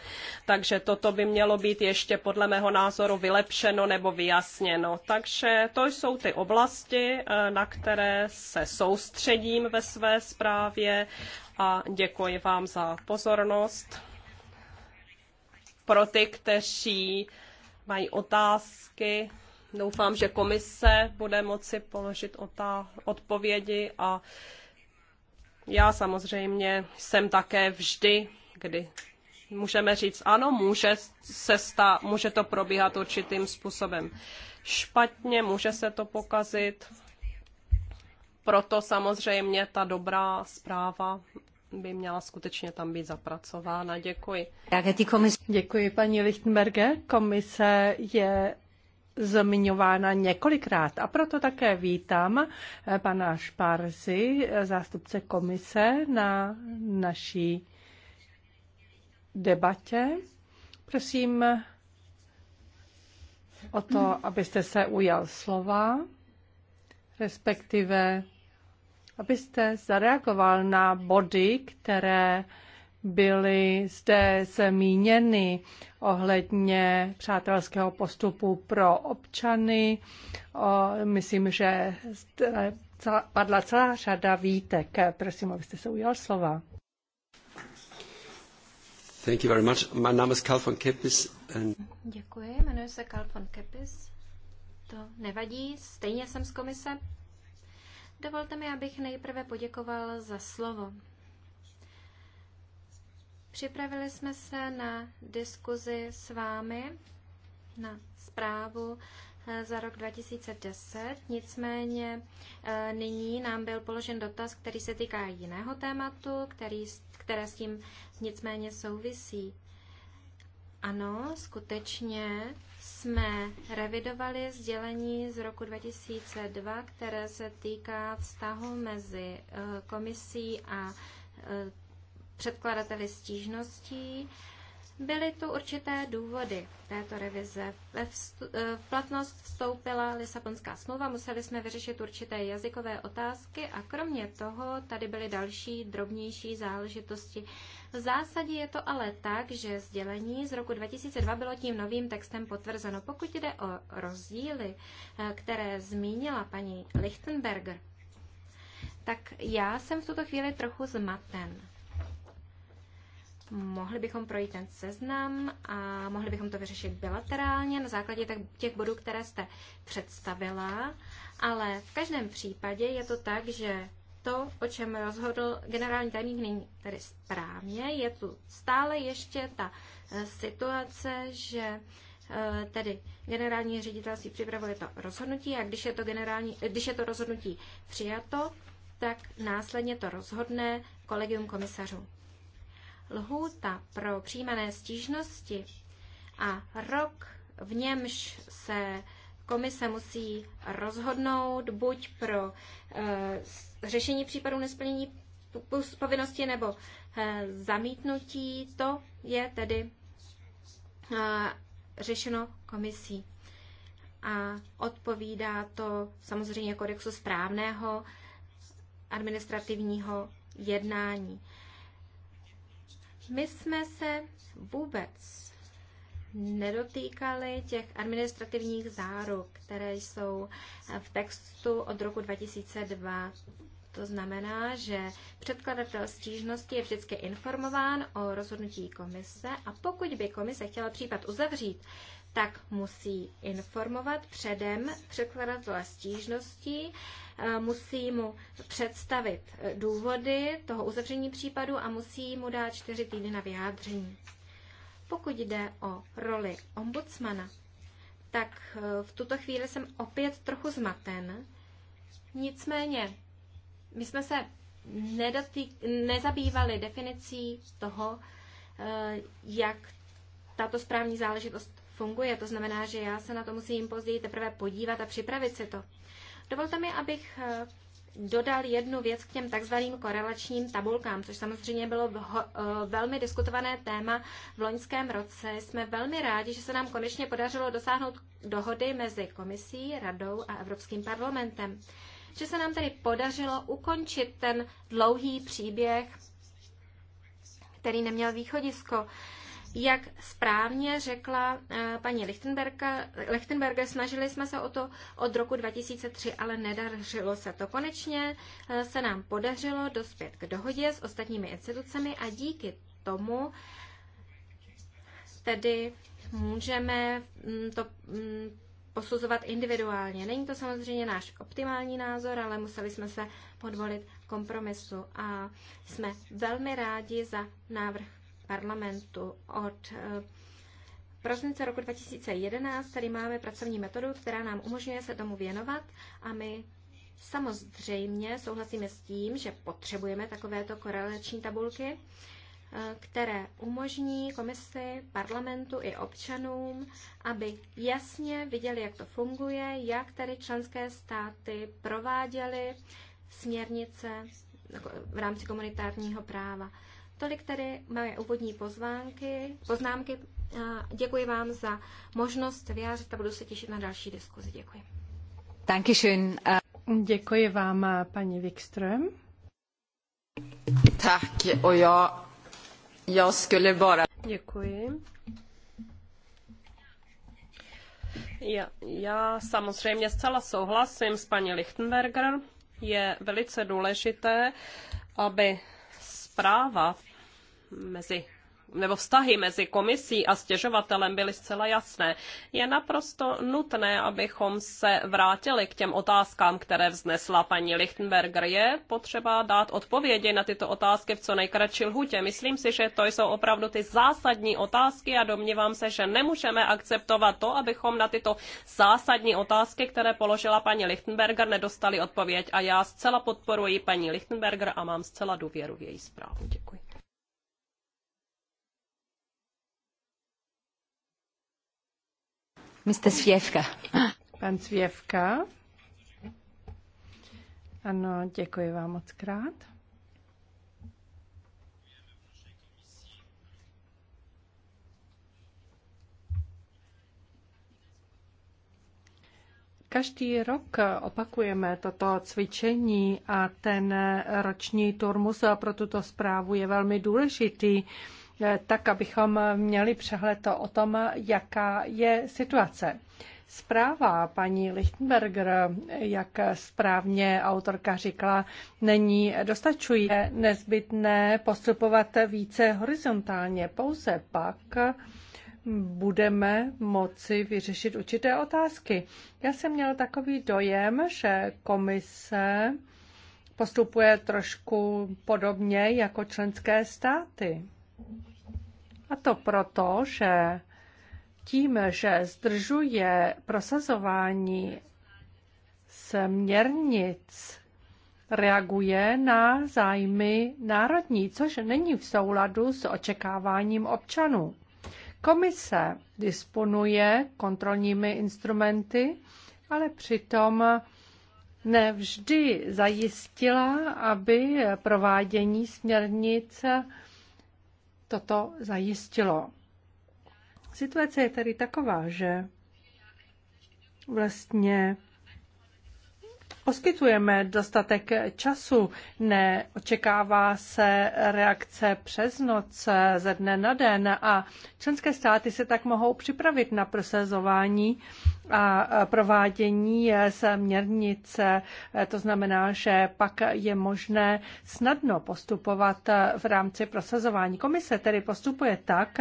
Takže toto by mělo být ještě podle mého názoru vylepšeno nebo vyjasněno. Takže to jsou ty oblasti, eh, na které se soustředím ve své zprávě a děkuji vám za pozornost. Pro ty, kteří mají otázky, doufám, že komise bude moci položit odpovědi a já samozřejmě jsem také vždy, kdy můžeme říct, ano, může, se stá, může to probíhat určitým způsobem špatně, může se to pokazit. Proto samozřejmě ta dobrá zpráva by měla skutečně tam být zapracována. Děkuji. Děkuji, paní Lichtenberger. Komise je zmiňována několikrát a proto také vítám eh, pana Šparzi, eh, zástupce komise na naší debatě. Prosím o to, abyste se ujal slova, respektive abyste zareagoval na body, které byly zde zmíněny ohledně přátelského postupu pro občany. O, myslím, že padla celá řada výtek. Prosím, abyste se ujal slova. Thank you very much. My name is Karl von Keppis. And... Děkuji, jmenuji se Karl von Kepis. To nevadí, stejně jsem z komise. Dovolte mi, abych nejprve poděkoval za slovo. Připravili jsme se na diskuzi s vámi na zprávu Eh, za rok 2010, nicméně eh, nyní nám byl položen dotaz, který se týká jiného tématu, který, které s tím nicméně souvisí. Ano, skutečně jsme revidovali sdělení z roku 2002, které se týká vztahu mezi eh, komisí a předkladateli stížností. Byly tu určité důvody této revize. E, v platnost vstoupila Lisabonská smlouva, museli jsme vyřešit určité jazykové otázky a kromě toho tady byly další drobnější záležitosti. V zásadě je to ale tak, že sdělení z roku 2002 bylo tím novým textem potvrzeno. Pokud jde o rozdíly, e, které zmínila paní Lichtenberger, tak já jsem v tuto chvíli trochu zmaten mohli bychom projít ten seznam a mohli bychom to vyřešit bilaterálně na základě těch bodů, které jste představila, ale v každém případě je to tak, že to, o čem rozhodl generální tajemník, není tedy správně. Je tu stále ještě ta eh, situace, že eh, tedy generální ředitelství připravuje to rozhodnutí a když je to, generální, když je to rozhodnutí přijato, tak následně to rozhodne kolegium komisařů lhůta pro přijímané stížnosti a rok, v němž se komise musí rozhodnout buď pro e, řešení případů nesplnění povinnosti nebo e, zamítnutí, to je tedy e, řešeno komisí. A odpovídá to samozřejmě kodexu správného administrativního jednání. My jsme se vůbec nedotýkaly těch administrativních záruk, které jsou v textu od roku 2002. To znamená, že předkladatel stížnosti je vždycky informován o rozhodnutí komise a pokud by komise chtěla případ uzavřít, tak musí informovat předem překladatele stížnosti, eh, musí mu představit eh, důvody toho uzavření případu a musí mu dát čtyři týdny na vyjádření. Pokud jde o roli ombudsmana, tak eh, v tuto chvíli jsem opět trochu zmaten. Nicméně, my jsme se nezabývali definicí toho, jak tato správní záležitost funguje. To znamená, že já se na to musím později teprve podívat a připravit si to. Dovolte mi, abych eh, dodal jednu věc k těm takzvaným korelačním tabulkám, což samozřejmě bylo eh, velmi diskutované téma v loňském roce. Jsme velmi rádi, že se nám konečně podařilo dosáhnout dohody mezi komisí, radou a Evropským parlamentem. Že se nám tedy podařilo ukončit ten dlouhý příběh, který neměl východisko. Jak správně řekla eh, paní Lichtenberger, snažili jsme se o to od roku 2003, ale nedařilo se to. Konečně eh, se nám podařilo dospět k dohodě s ostatními institucemi a díky tomu tedy můžeme mm, to mm, posuzovat individuálně. Není to samozřejmě náš optimální názor, ale museli jsme se podvolit kompromisu a jsme velmi rádi za návrh parlamentu od eh, prosince roku 2011 tady máme pracovní metodu, která nám umožňuje se tomu věnovat a my samozřejmě souhlasíme s tím, že potřebujeme takovéto korelační tabulky, eh, které umožní komisi, parlamentu i občanům, aby jasně viděli, jak to funguje, jak tady členské státy prováděly směrnice v rámci komunitárního práva. Tolik tedy moje úvodní pozvánky, poznámky. Děkuji vám za možnost vyjářit a budu se těšit na další diskuzi. Děkuji. Dankeschön. Děkuji vám, paní Wikström. Tak, o já, já skulle bara... Děkuji. Já, já samozřejmě zcela souhlasím s paní Lichtenberger. Je velice důležité, aby práva mezi nebo vztahy mezi komisí a stěžovatelem byly zcela jasné. Je naprosto nutné, abychom se vrátili k těm otázkám, které vznesla paní Lichtenberger. Je potřeba dát odpovědi na tyto otázky v co nejkratší lhutě. Myslím si, že to jsou opravdu ty zásadní otázky a domnívám se, že nemůžeme akceptovat to, abychom na tyto zásadní otázky, které položila paní Lichtenberger, nedostali odpověď. A já zcela podporuji paní Lichtenberger a mám zcela důvěru v její zprávu. Děkuji. Mr. Svěvka. Pan Svěvka. Ano, děkuji vám moc krát. Každý rok opakujeme toto cvičení a ten roční turmus pro tuto zprávu je velmi důležitý. Eh, tak abychom měli přehled o tom, jaká je situace. Zpráva paní Lichtenberger, jak správně autorka říkala, není dostačují. Je nezbytné postupovat více horizontálně. Pouze pak budeme moci vyřešit určité otázky. Já jsem měl takový dojem, že komise postupuje trošku podobně jako členské státy. A to proto, že tím, že zdržuje prosazování směrnic, reaguje na zájmy národní, což není v souladu s očekáváním občanů. Komise disponuje kontrolními instrumenty, ale přitom nevždy zajistila, aby provádění směrnic toto zajistilo. Situace je tedy taková, že vlastně poskytujeme dostatek času, neočekává se reakce přes noc ze dne na den a členské státy se tak mohou připravit na prosazování a provádění směrnice. To znamená, že pak je možné snadno postupovat v rámci prosazování. Komise tedy postupuje tak,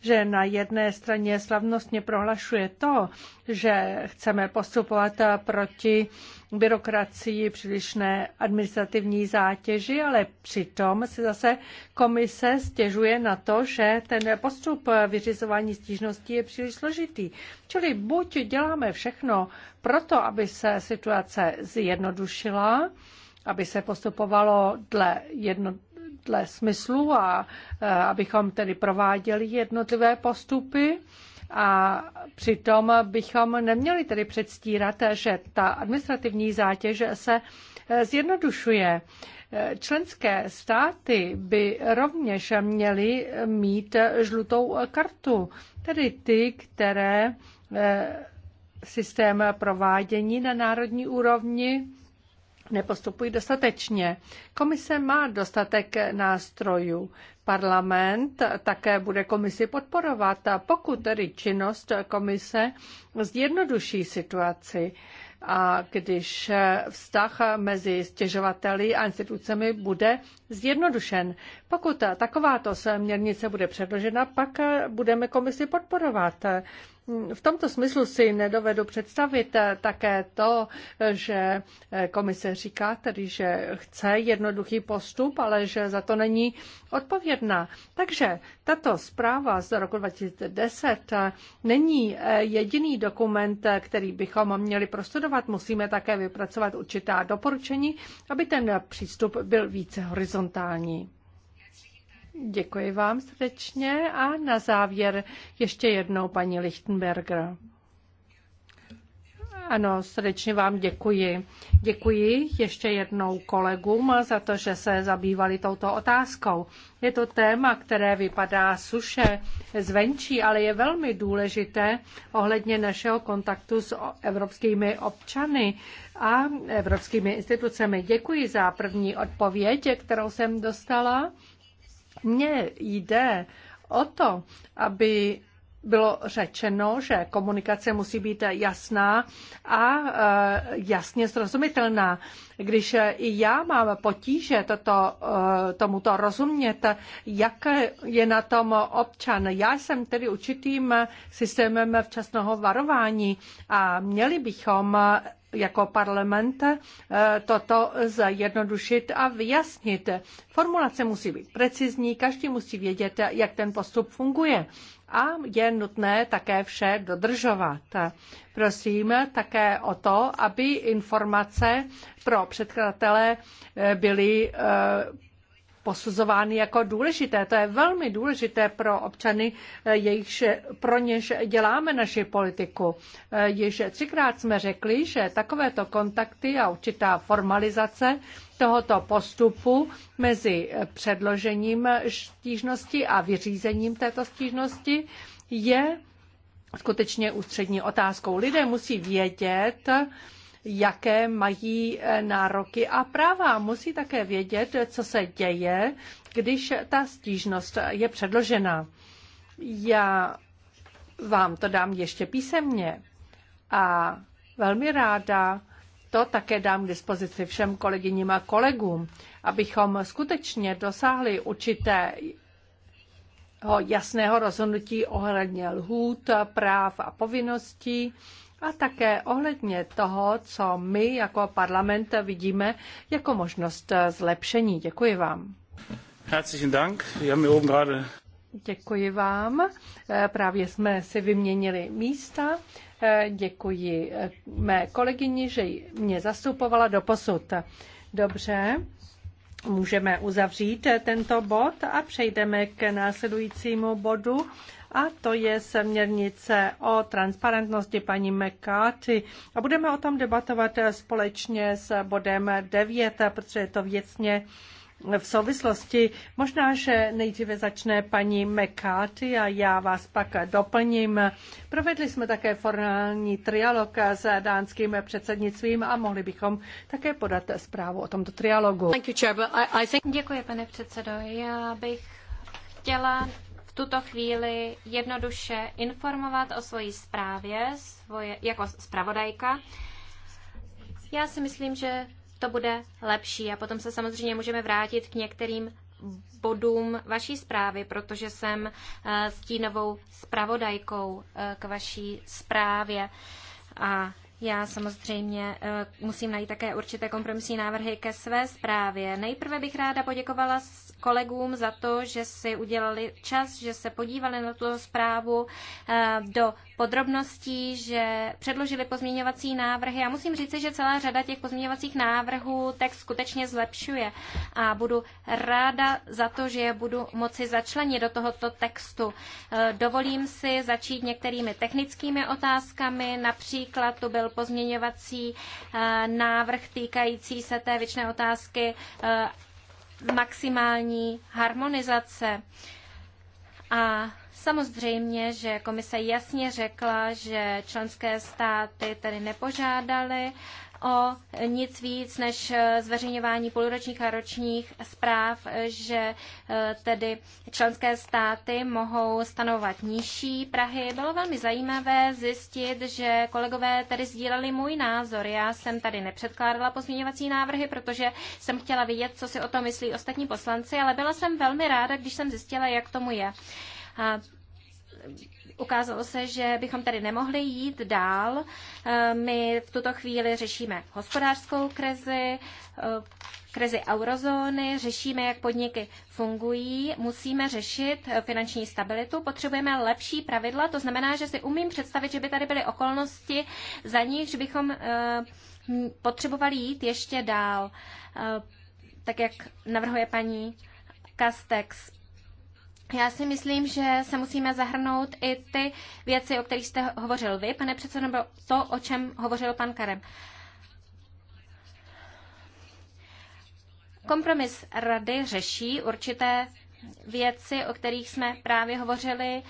že na jedné straně slavnostně prohlašuje to, že chceme postupovat proti byrokracii, přílišné administrativní zátěži, ale přitom si zase komise stěžuje na to, že ten postup vyřizování stížností je příliš složitý. Čili buď dělá děláme všechno proto, aby se situace zjednodušila, aby se postupovalo dle, jedno, dle smyslu a e, abychom tedy prováděli jednotlivé postupy. A přitom bychom neměli tedy předstírat, že ta administrativní zátěž se e, zjednodušuje. E, členské státy by rovněž měly mít žlutou kartu, tedy ty, které systém provádění na národní úrovni nepostupují dostatečně. Komise má dostatek nástrojů. Parlament také bude komisi podporovat, a pokud tedy činnost komise zjednoduší situaci a když vztah mezi stěžovateli a institucemi bude zjednodušen. Pokud takováto směrnice bude předložena, pak budeme komisi podporovat. V tomto smyslu si nedovedu představit také to, že komise říká tedy, že chce jednoduchý postup, ale že za to není odpovědná. Takže tato zpráva z roku 2010 není jediný dokument, který bychom měli prostudovat. Musíme také vypracovat určitá doporučení, aby ten přístup byl více horizontální. Děkuji vám srdečně a na závěr ještě jednou paní Lichtenberger. Ano, srdečně vám děkuji. Děkuji ještě jednou kolegům za to, že se zabývali touto otázkou. Je to téma, které vypadá suše zvenčí, ale je velmi důležité ohledně našeho kontaktu s evropskými občany a evropskými institucemi. Děkuji za první odpověď, kterou jsem dostala. Mně jde o to, aby bylo řečeno, že komunikace musí být jasná a e, jasně zrozumitelná. Když i já mám potíže toto, e, tomuto rozumět, jak je na tom občan. Já jsem tedy určitým systémem včasného varování a měli bychom jako parlament eh, toto zjednodušit a vyjasnit. Formulace musí být precizní, každý musí vědět, jak ten postup funguje a je nutné také vše dodržovat. Prosím také o to, aby informace pro předkladatele byly eh, posuzovány jako důležité. To je velmi důležité pro občany, eh, jejichž, pro něž děláme naši politiku. Eh, již třikrát jsme řekli, že takovéto kontakty a určitá formalizace tohoto postupu mezi eh, předložením stížnosti a vyřízením této stížnosti je skutečně ústřední otázkou. Lidé musí vědět, jaké mají e, nároky a práva. Musí také vědět, co se děje, když ta stížnost je předložena. Já vám to dám ještě písemně a velmi ráda to také dám k dispozici všem kolegyním a kolegům, abychom skutečně dosáhli určité jasného rozhodnutí ohledně lhůt, práv a povinností a také ohledně toho, co my jako parlament vidíme jako možnost zlepšení. Děkuji vám. Herzlichen Dank. Wir haben hier oben gerade Děkuji vám. Eh, právě jsme si vyměnili místa. Eh, děkuji eh, mé kolegyni, že mě zastupovala do posud. Dobře, můžeme uzavřít tento bod a přejdeme k následujícímu bodu a to je směrnice o transparentnosti paní McCarthy. A budeme o tom debatovat společně s bodem 9, protože je to věcně v souvislosti. Možná, že nejdříve začne paní McCarthy a já vás pak doplním. Provedli jsme také formální trialog s dánským předsednictvím a mohli bychom také podat zprávu o tomto trialogu. Děkuji, pane předsedo. Já bych chtěla tuto chvíli jednoduše informovat o svoji zprávě svoje, jako zpravodajka. Já si myslím, že to bude lepší a potom se samozřejmě můžeme vrátit k některým bodům vaší zprávy, protože jsem eh, stínovou zpravodajkou eh, k vaší zprávě. A já samozřejmě eh, musím najít také určité kompromisní návrhy ke své zprávě. Nejprve bych ráda poděkovala kolegům za to, že si udělali čas, že se podívali na tu zprávu eh, do podrobností, že předložili pozměňovací návrhy. Já musím říci, že celá řada těch pozměňovacích návrhů text skutečně zlepšuje. A budu ráda za to, že je budu moci začlenit do tohoto textu. Eh, dovolím si začít některými technickými otázkami. Například to byl byl pozměňovací eh, návrh týkající se té věčné otázky eh, maximální harmonizace. A samozřejmě, že komise jasně řekla, že členské státy tedy nepožádaly o nic víc než eh, zveřejňování půlročních a ročních zpráv, že eh, tedy členské státy mohou stanovat nižší Prahy. Bylo velmi zajímavé zjistit, že kolegové tady sdíleli můj názor. Já jsem tady nepředkládala pozměňovací návrhy, protože jsem chtěla vidět, co si o tom myslí ostatní poslanci, ale byla jsem velmi ráda, když jsem zjistila, jak tomu je ukázalo se, že bychom tady nemohli jít dál. Eh, my v tuto chvíli řešíme hospodářskou krizi, eh, krizi eurozóny, řešíme, jak podniky fungují, musíme řešit eh, finanční stabilitu, potřebujeme lepší pravidla, to znamená, že si umím představit, že by tady byly okolnosti, za nichž bychom potřebovali jít ještě dál, tak jak navrhuje paní Castex. Já si myslím, že se musíme zahrnout i ty věci, o kterých jste hovořil vy, pane předsedo, nebo to, o čem hovořil pan Karem. Kompromis rady řeší určité věci, o kterých jsme právě hovořili.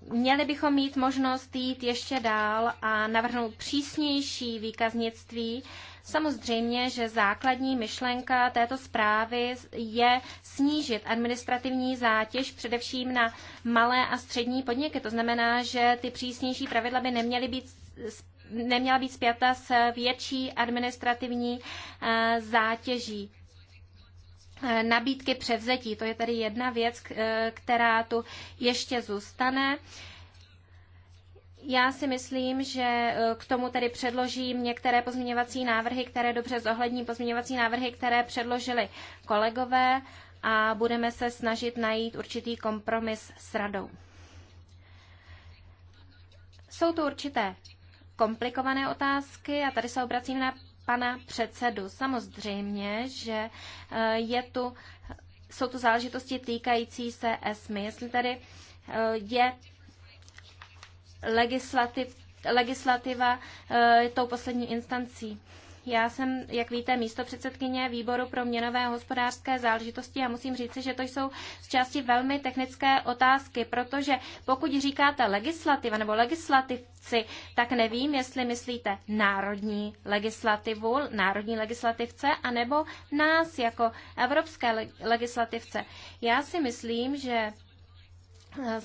Měli bychom mít možnost jít ještě dál a navrhnout přísnější výkaznictví, Samozřejmě, že základní myšlenka této zprávy je snížit administrativní zátěž především na malé a střední podniky. To znamená, že ty přísnější pravidla by neměly být neměla být zpěta s větší administrativní eh, zátěží eh, nabídky převzetí. To je tady jedna věc, eh, která tu ještě zůstane. Já si myslím, že eh, k tomu tedy předložím některé pozměňovací návrhy, které dobře zohlední pozměňovací návrhy, které předložili kolegové a budeme se snažit najít určitý kompromis s radou. Jsou tu určité komplikované otázky a tady se obracím na pana předsedu. Samozřejmě, že eh, je tu, jsou tu záležitosti týkající se ESMY. Jestli tedy eh, je legislativ, legislativa e, tou poslední instancí. Já jsem, jak víte, místo předsedkyně výboru pro měnové a hospodářské záležitosti a musím říci, že to jsou z části velmi technické otázky, protože pokud říkáte legislativa nebo legislativci, tak nevím, jestli myslíte národní legislativu, národní legislativce, anebo nás jako evropské legislativce. Já si myslím, že eh,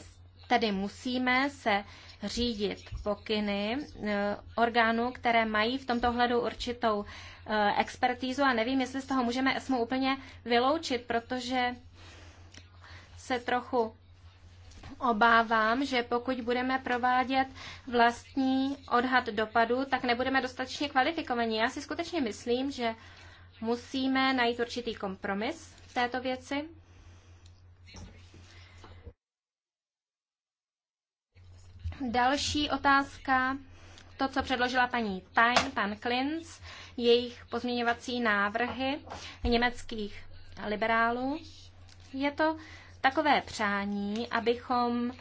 tedy musíme se řídit pokyny eh, orgánů, které mají v tomto hledu určitou eh, expertízu a nevím, jestli z toho můžeme ESMU úplně vyloučit, protože se trochu obávám, že pokud budeme provádět vlastní odhad dopadu, tak nebudeme dostatečně kvalifikovaní. Já si skutečně myslím, že musíme najít určitý kompromis v této věci. Další otázka, to, co předložila paní Tain, pan Klinz, jejich pozměňovací návrhy německých liberálů. Je to takové přání, abychom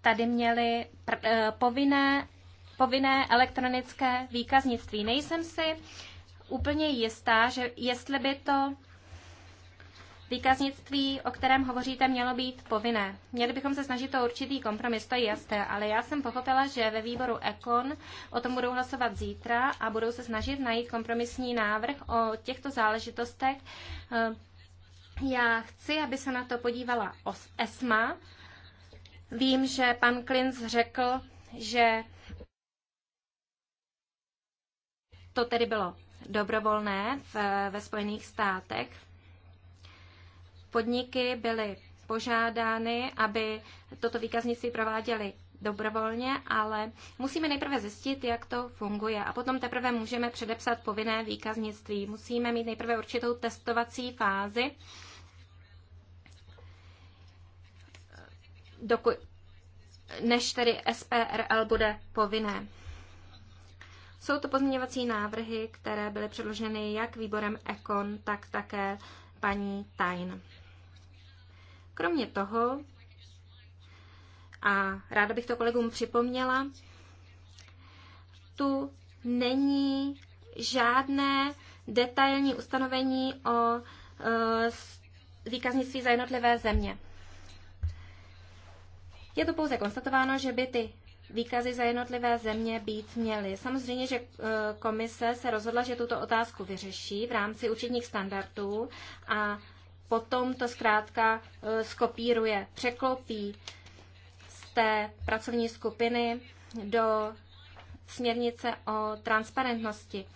tady měli eh, povinné, povinné elektronické výkaznictví. Nejsem si úplně jistá, že jestli by to Výkaznictví, o kterém hovoříte, mělo být povinné. Měli bychom se snažit o určitý kompromis, to je jasné, ale já jsem pochopila, že ve výboru Ekon o tom budou hlasovat zítra a budou se snažit najít kompromisní návrh o těchto záležitostech. Eh, já chci, aby se na to podívala ESMA. Vím, že pan Klinz řekl, že to tedy bylo dobrovolné v, ve Spojených státech. Podniky byly požádány, aby toto výkaznictví prováděly dobrovolně, ale musíme nejprve zjistit, jak to funguje a potom teprve můžeme předepsat povinné výkaznictví. Musíme mít nejprve určitou testovací fázi, doku, než tedy SPRL bude povinné. Jsou to pozměňovací návrhy, které byly předloženy jak výborem Econ, tak také paní Tajn. Kromě toho, a ráda bych to kolegům připomněla, tu není žádné detailní ustanovení o e, výkaznictví za jednotlivé země. Je to pouze konstatováno, že by ty výkazy za jednotlivé země být měly. Samozřejmě, že e, komise se rozhodla, že tuto otázku vyřeší v rámci účetních standardů a potom to zkrátka e, skopíruje, překlopí z té pracovní skupiny do směrnice o transparentnosti.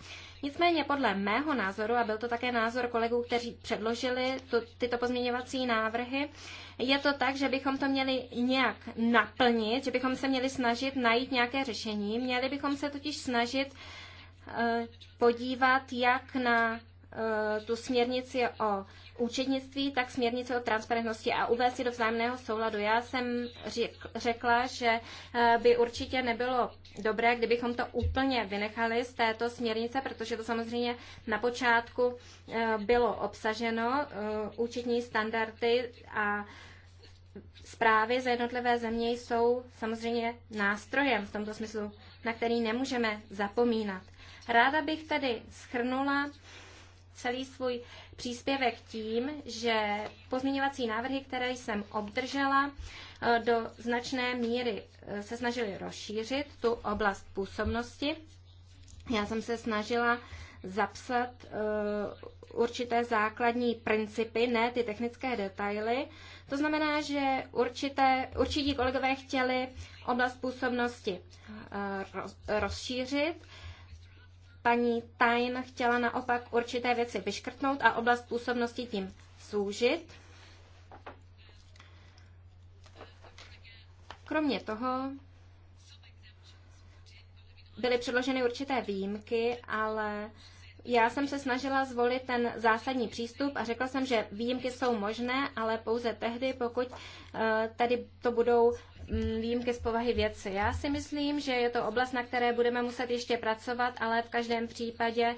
Nicméně podle mého názoru, a byl to také názor kolegů, kteří předložili to, tyto pozměňovací návrhy, je to tak, že bychom to měli nějak naplnit, že bychom se měli snažit najít nějaké řešení. Měli bychom se totiž snažit e, podívat jak na Eh, tu směrnici o účetnictví, tak směrnici o transparentnosti a uvést si do vzájemného souladu. Já jsem řekla, že eh, by určitě nebylo dobré, kdybychom to úplně vynechali z této směrnice, protože to samozřejmě na počátku eh, bylo obsaženo, účetní standardy a zprávy za jednotlivé země jsou samozřejmě nástrojem v tomto smyslu, na který nemůžeme zapomínat. Ráda bych tedy schrnula celý svůj příspěvek tím, že pozměňovací návrhy, které jsem obdržela, eh, do značné míry eh, se snažili rozšířit tu oblast působnosti. Já jsem se snažila zapsat eh, určité základní principy, ne ty technické detaily. To znamená, že určité, určití kolegové chtěli oblast působnosti rozšířit. Paní Tajn chtěla naopak určité věci vyškrtnout a oblast působnosti tím zúžit. Kromě toho byly předloženy určité výjimky, ale já jsem se snažila zvolit ten zásadní přístup a řekla jsem, že výjimky jsou možné, ale pouze tehdy, pokud eh, tady to budou Mm, výjimky z povahy věci. Já si myslím, že je to oblast, na které budeme muset ještě pracovat, ale v každém případě e,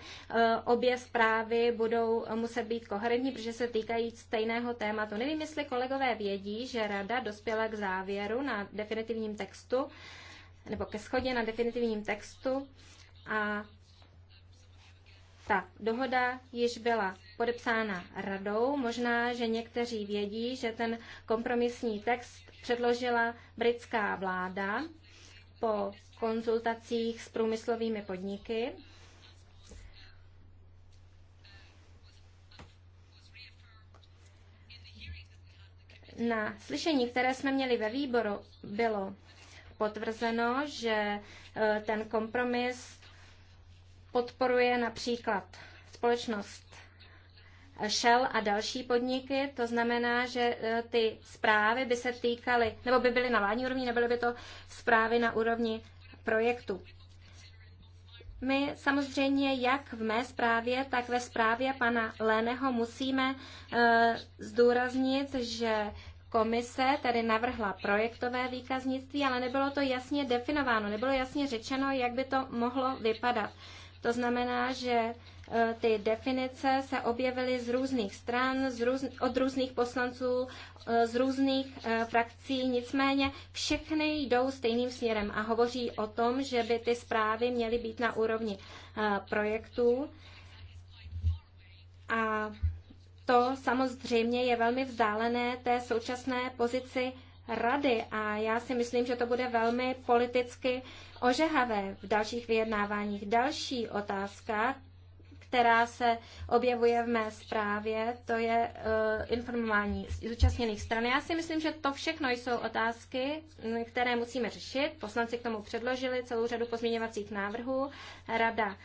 obě zprávy budou muset být koherentní, protože se týkají stejného tématu. Nevím, jestli kolegové vědí, že Rada dospěla k závěru na definitivním textu, nebo ke schodě na definitivním textu a ta dohoda již byla podepsána radou. Možná, že někteří vědí, že ten kompromisní text předložila britská vláda po konzultacích s průmyslovými podniky. Na slyšení, které jsme měli ve výboru, bylo potvrzeno, že eh, ten kompromis podporuje například společnost Shell a další podniky. To znamená, že e, ty zprávy by se týkaly, nebo by byly na vládní úrovni, nebyly by to zprávy na úrovni projektu. My samozřejmě jak v mé zprávě, tak ve zprávě pana Léneho musíme uh, zdůraznit, že komise tedy navrhla projektové výkaznictví, ale nebylo to jasně definováno, nebylo jasně řečeno, jak by to mohlo vypadat. To znamená, že e, ty definice se objevily z různých stran, z růz, od různých poslanců, e, z různých e, frakcí, nicméně všechny jdou stejným směrem a hovoří o tom, že by ty zprávy měly být na úrovni projektů. A to samozřejmě je velmi vzdálené té současné pozici rady a já si myslím, že to bude velmi politicky ožehavé v dalších vyjednáváních. Další otázka, která se objevuje v mé zprávě, to je uh, informování zúčastněných stran. Já si myslím, že to všechno jsou otázky, mm, které musíme řešit. Poslanci k tomu předložili celou řadu pozměňovacích návrhů. Rada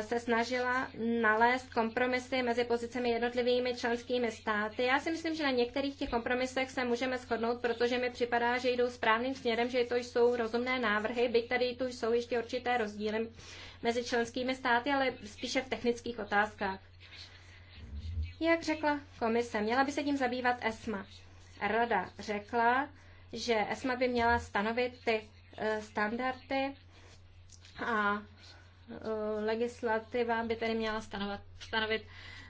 se snažila nalézt kompromisy mezi pozicemi jednotlivými členskými státy. Já si myslím, že na některých těch kompromisech se můžeme shodnout, protože mi připadá, že jdou správným směrem, že to jsou rozumné návrhy, byť tady tu jsou ještě určité rozdíly mezi členskými státy, ale spíše v technických otázkách. Jak řekla komise, měla by se tím zabývat ESMA. Rada řekla, že ESMA by měla stanovit ty eh, standardy a Eh, legislativa by tedy měla stanovat, stanovit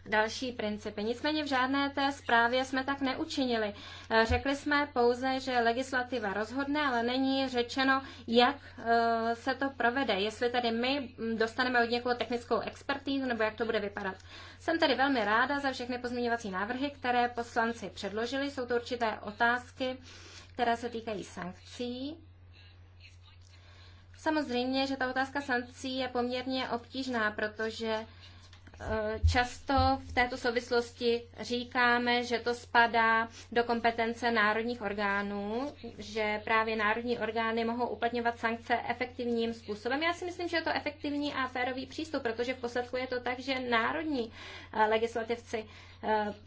další principy. Nicméně v žádné té zprávě jsme tak neučinili. Eh, řekli jsme pouze, že legislativa rozhodne, ale není řečeno, jak eh, se to provede, jestli tedy my mm, dostaneme od někoho technickou expertízu nebo jak to bude vypadat. Jsem tedy velmi ráda za všechny pozměňovací návrhy, které poslanci předložili. Jsou to určité otázky, které se týkají sankcí Samozřejmě, že ta otázka sankcí je poměrně obtížná, protože e, často v této souvislosti říkáme, že to spadá do kompetence národních orgánů, že právě národní orgány mohou uplatňovat sankce efektivním způsobem. Já si myslím, že je to efektivní a férový přístup, protože v posledku je to tak, že národní e, legislativci e,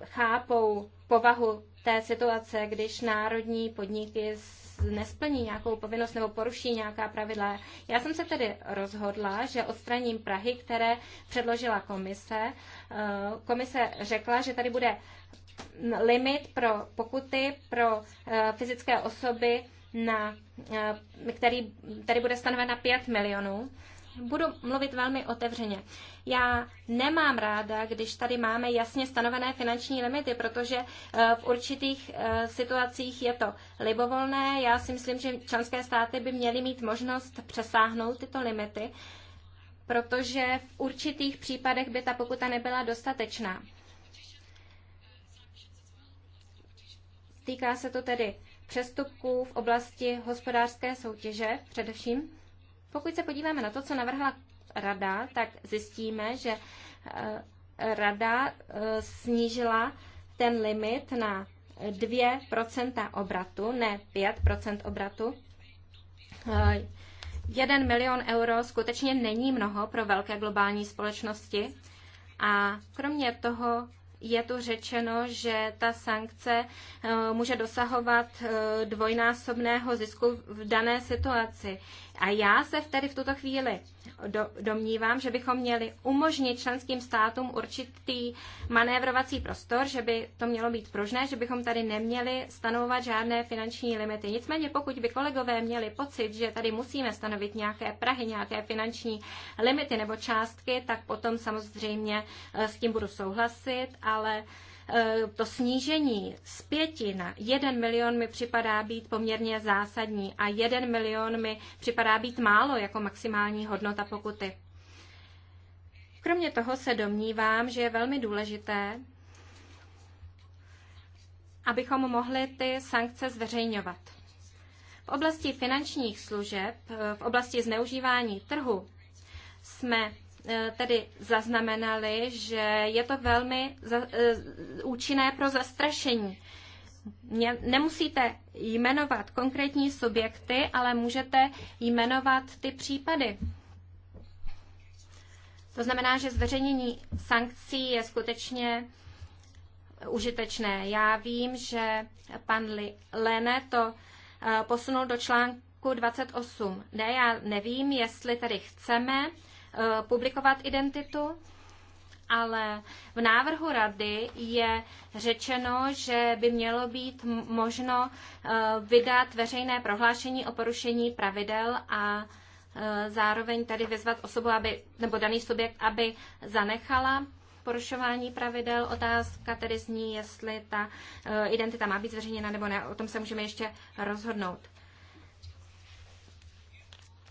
chápou povahu té situace, když národní podniky s nesplní nějakou povinnost nebo poruší nějaká pravidla. Já jsem se tedy rozhodla, že odstraním Prahy, které předložila komise. Eh, komise řekla, že tady bude limit pro pokuty pro eh, fyzické osoby, na, eh, který tady bude stanoven na 5 milionů budu mluvit velmi otevřeně. Já nemám ráda, když tady máme jasně stanovené finanční limity, protože eh, v určitých eh, situacích je to libovolné. Já si myslím, že členské státy by měly mít možnost přesáhnout tyto limity, protože v určitých případech by ta pokuta nebyla dostatečná. Týká se to tedy přestupků v oblasti hospodářské soutěže především. Pokud se podíváme na to, co navrhla rada, tak zjistíme, že eh, rada eh, snížila ten limit na 2% obratu, ne 5% obratu. 1 eh, milion euro skutečně není mnoho pro velké globální společnosti a kromě toho je tu řečeno, že ta sankce eh, může dosahovat eh, dvojnásobného zisku v dané situaci. A já se tedy v tuto chvíli do, domnívám, že bychom měli umožnit členským státům určitý manévrovací prostor, že by to mělo být pružné, že bychom tady neměli stanovovat žádné finanční limity. Nicméně pokud by kolegové měli pocit, že tady musíme stanovit nějaké prahy, nějaké finanční limity nebo částky, tak potom samozřejmě eh, s tím budu souhlasit, ale E, to snížení z pěti na jeden milion mi připadá být poměrně zásadní a jeden milion mi připadá být málo jako maximální hodnota pokuty. Kromě toho se domnívám, že je velmi důležité, abychom mohli ty sankce zveřejňovat. V oblasti finančních služeb, e, v oblasti zneužívání trhu jsme Eh, tedy zaznamenali, že je to velmi za, eh, účinné pro zastrašení. Nemusíte jmenovat konkrétní subjekty, ale můžete jmenovat ty případy. To znamená, že zveřejnění sankcí je skutečně užitečné. Já vím, že pan Lene to eh, posunul do článku 28. Ne, já nevím, jestli tady chceme Eh, publikovat identitu, ale v návrhu rady je řečeno, že by mělo být možno eh, vydat veřejné prohlášení o porušení pravidel a eh, zároveň tady vyzvat osobu, aby, nebo daný subjekt, aby zanechala porušování pravidel. Otázka tedy zní, jestli ta identita má být zveřejněna nebo ne. O tom se můžeme ještě rozhodnout.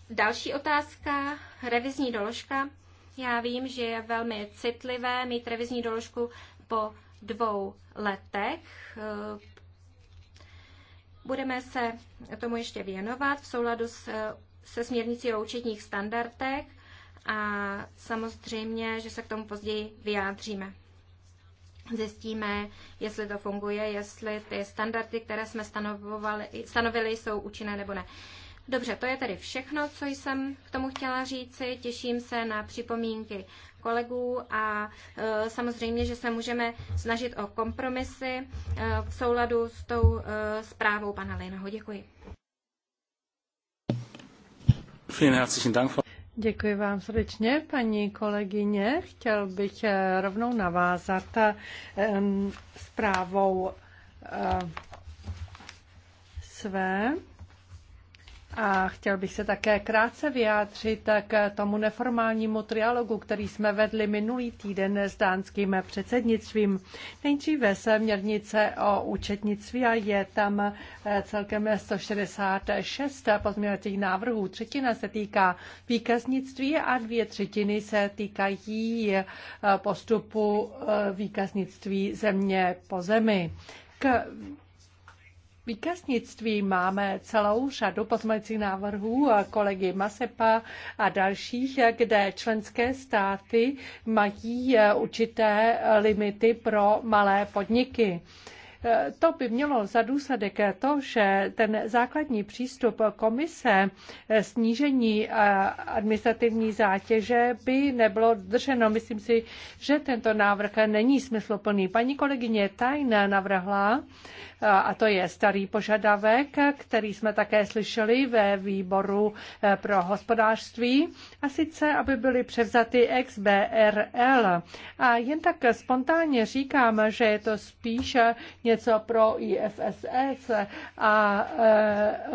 Další otázka, revizní doložka. Já vím, že je velmi citlivé mít revizní doložku po dvou letech. Budeme se tomu ještě věnovat v souladu s, se směrnicí o účetních standardech a samozřejmě, že se k tomu později vyjádříme. Zjistíme, jestli to funguje, jestli ty standardy, které jsme stanovovali, stanovili, jsou účinné nebo ne. Uh, Dobře, to je tedy všechno, co jsem k tomu chtěla říci. Těším se na připomínky kolegů a e, samozřejmě, že se můžeme snažit o kompromisy e, v souladu s tou e, zprávou pana Lejnoho. Děkuji. Děkuji vám srdečně, paní kolegyně. Chtěl bych e, rovnou navázat e, zprávou e, své. A chtěl bych se také krátce vyjádřit k tomu neformálnímu trialogu, který jsme vedli minulý týden s dánským předsednictvím. Nejdříve směrnice o účetnictví a je tam eh, celkem 166 pozměňovacích návrhů. Třetina se týká výkaznictví a dvě třetiny se týkají eh, postupu eh, výkaznictví země po zemi. K výkaznictví máme celou řadu pozměňovacích návrhů kolegy Masepa a dalších, kde členské státy mají e, určité e, limity pro malé podniky. E, to by mělo za důsledek to, že ten základní přístup komise snížení administrativní zátěže by nebylo drženo. Myslím si, že tento návrh není smysluplný. Paní kolegyně Tajna navrhla a to je starý požadavek, který jsme také slyšeli ve výboru eh, pro hospodářství, a sice, aby byly převzaty XBRL. A jen tak spontánně říkám, že je to spíše něco pro IFSS, a,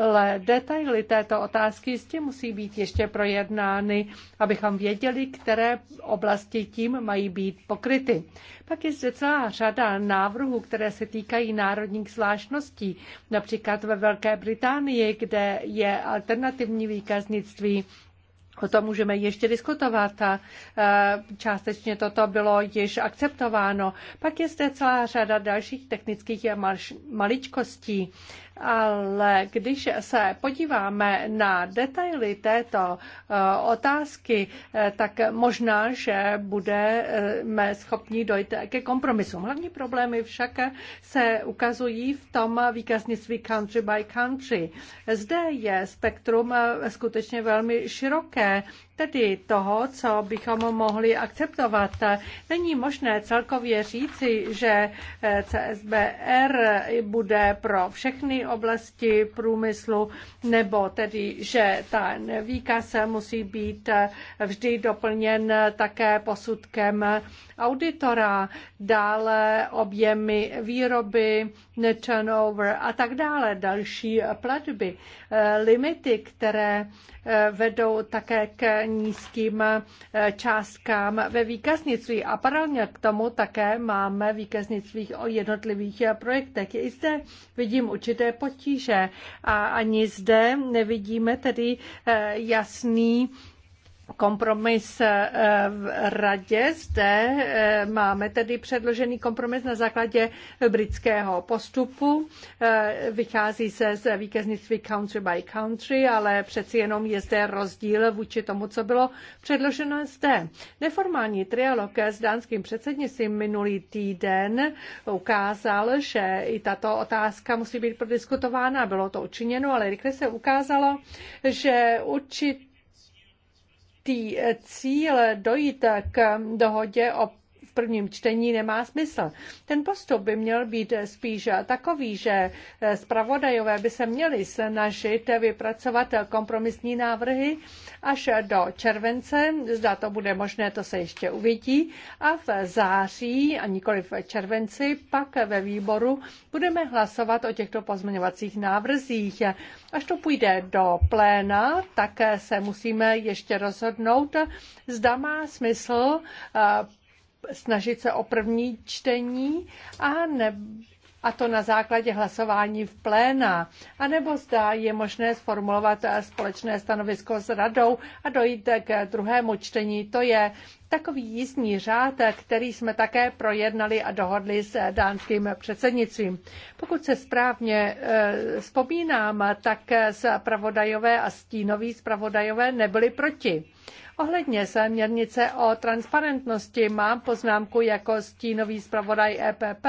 ale eh, detaily této otázky jistě musí být ještě projednány, abychom věděli, které oblasti tím mají být pokryty. Pak je zde celá řada návrhů, které se týkají národních různých zvláštností. Například ve Velké Británii, kde je alternativní výkaznictví, O tom můžeme ještě diskutovat. a e, Částečně toto bylo již akceptováno. Pak je zde celá řada dalších technických maličkostí ale když se podíváme na detaily této eh, otázky, eh, tak možná, že budeme schopni dojít ke kompromisům. Hlavní problémy však se ukazují v tom výkaznictví country by country. Zde je spektrum eh, skutečně velmi široké, tedy toho, co bychom mohli akceptovat. Není možné celkově říci, že CSBR bude pro všechny oblasti průmyslu, nebo tedy, že ten výkaz musí být vždy doplněn také posudkem auditora, dále objemy výroby, turnover a tak dále, další platby, eh, limity, které eh, vedou také k nízkým eh, částkám ve výkaznictví. A paralelně k tomu také máme výkaznictví o jednotlivých projektech. I zde vidím určité potíže a ani zde nevidíme tedy jasný kompromis eh, v radě. Zde eh, máme tedy předložený kompromis na základě britského postupu. Eh, vychází se z vítěznictví country by country, ale přeci jenom je zde rozdíl vůči tomu, co bylo předloženo zde. Neformální trialog s dánským předsednictvím minulý týden ukázal, že i tato otázka musí být prodiskutována. Bylo to učiněno, ale rychle se ukázalo, že určitě důležitý cíl dojít k dohodě o v prvním čtení nemá smysl. Ten postup by měl být spíš takový, že zpravodajové by se měli snažit vypracovat kompromisní návrhy až do července. Zda to bude možné, to se ještě uvidí. A v září, a nikoli v červenci, pak ve výboru budeme hlasovat o těchto pozměňovacích návrzích. Až to půjde do pléna, tak se musíme ještě rozhodnout, zda má smysl snažit se o první čtení a ne, a to na základě hlasování v pléna, a nebo zda je možné sformulovat společné stanovisko s radou a dojít k druhému čtení. To je Takový jízdní řád, který jsme také projednali a dohodli s dánským předsednictvím. Pokud se správně eh, vzpomínám, tak zpravodajové a stínoví zpravodajové nebyli proti. Ohledně směrnice o transparentnosti mám poznámku jako stínový zpravodaj EPP.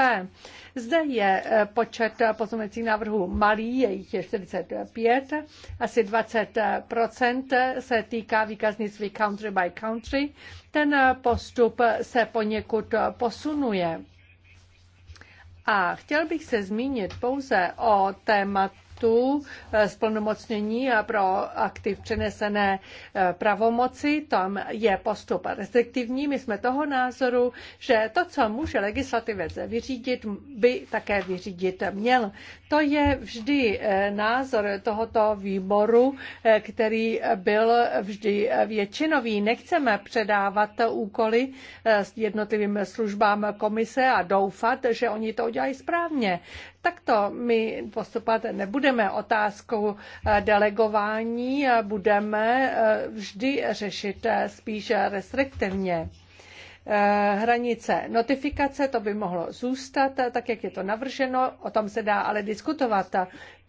Zde je eh, počet pozměňovacích návrhů malý, je jich 45, asi 20 se týká výkaznictví country by country. Ten postup se poněkud posunuje. A chtěl bych se zmínit pouze o tématu, aktů eh, splnomocnění a pro aktiv přenesené eh, pravomoci. Tam je postup restriktivní. My jsme toho názoru, že to, co může legislativec vyřídit, by také vyřídit měl. To je vždy eh, názor tohoto výboru, který byl vždy většinový. Nechceme předávat úkoly jednotlivým službám komise a doufat, že oni to udělají správně. Takto my postupovat nebudeme otázkou eh, delegování, eh, budeme eh, vždy řešit spíše restriktivně hranice notifikace, to by mohlo zůstat, tak jak je to navrženo, o tom se dá ale diskutovat.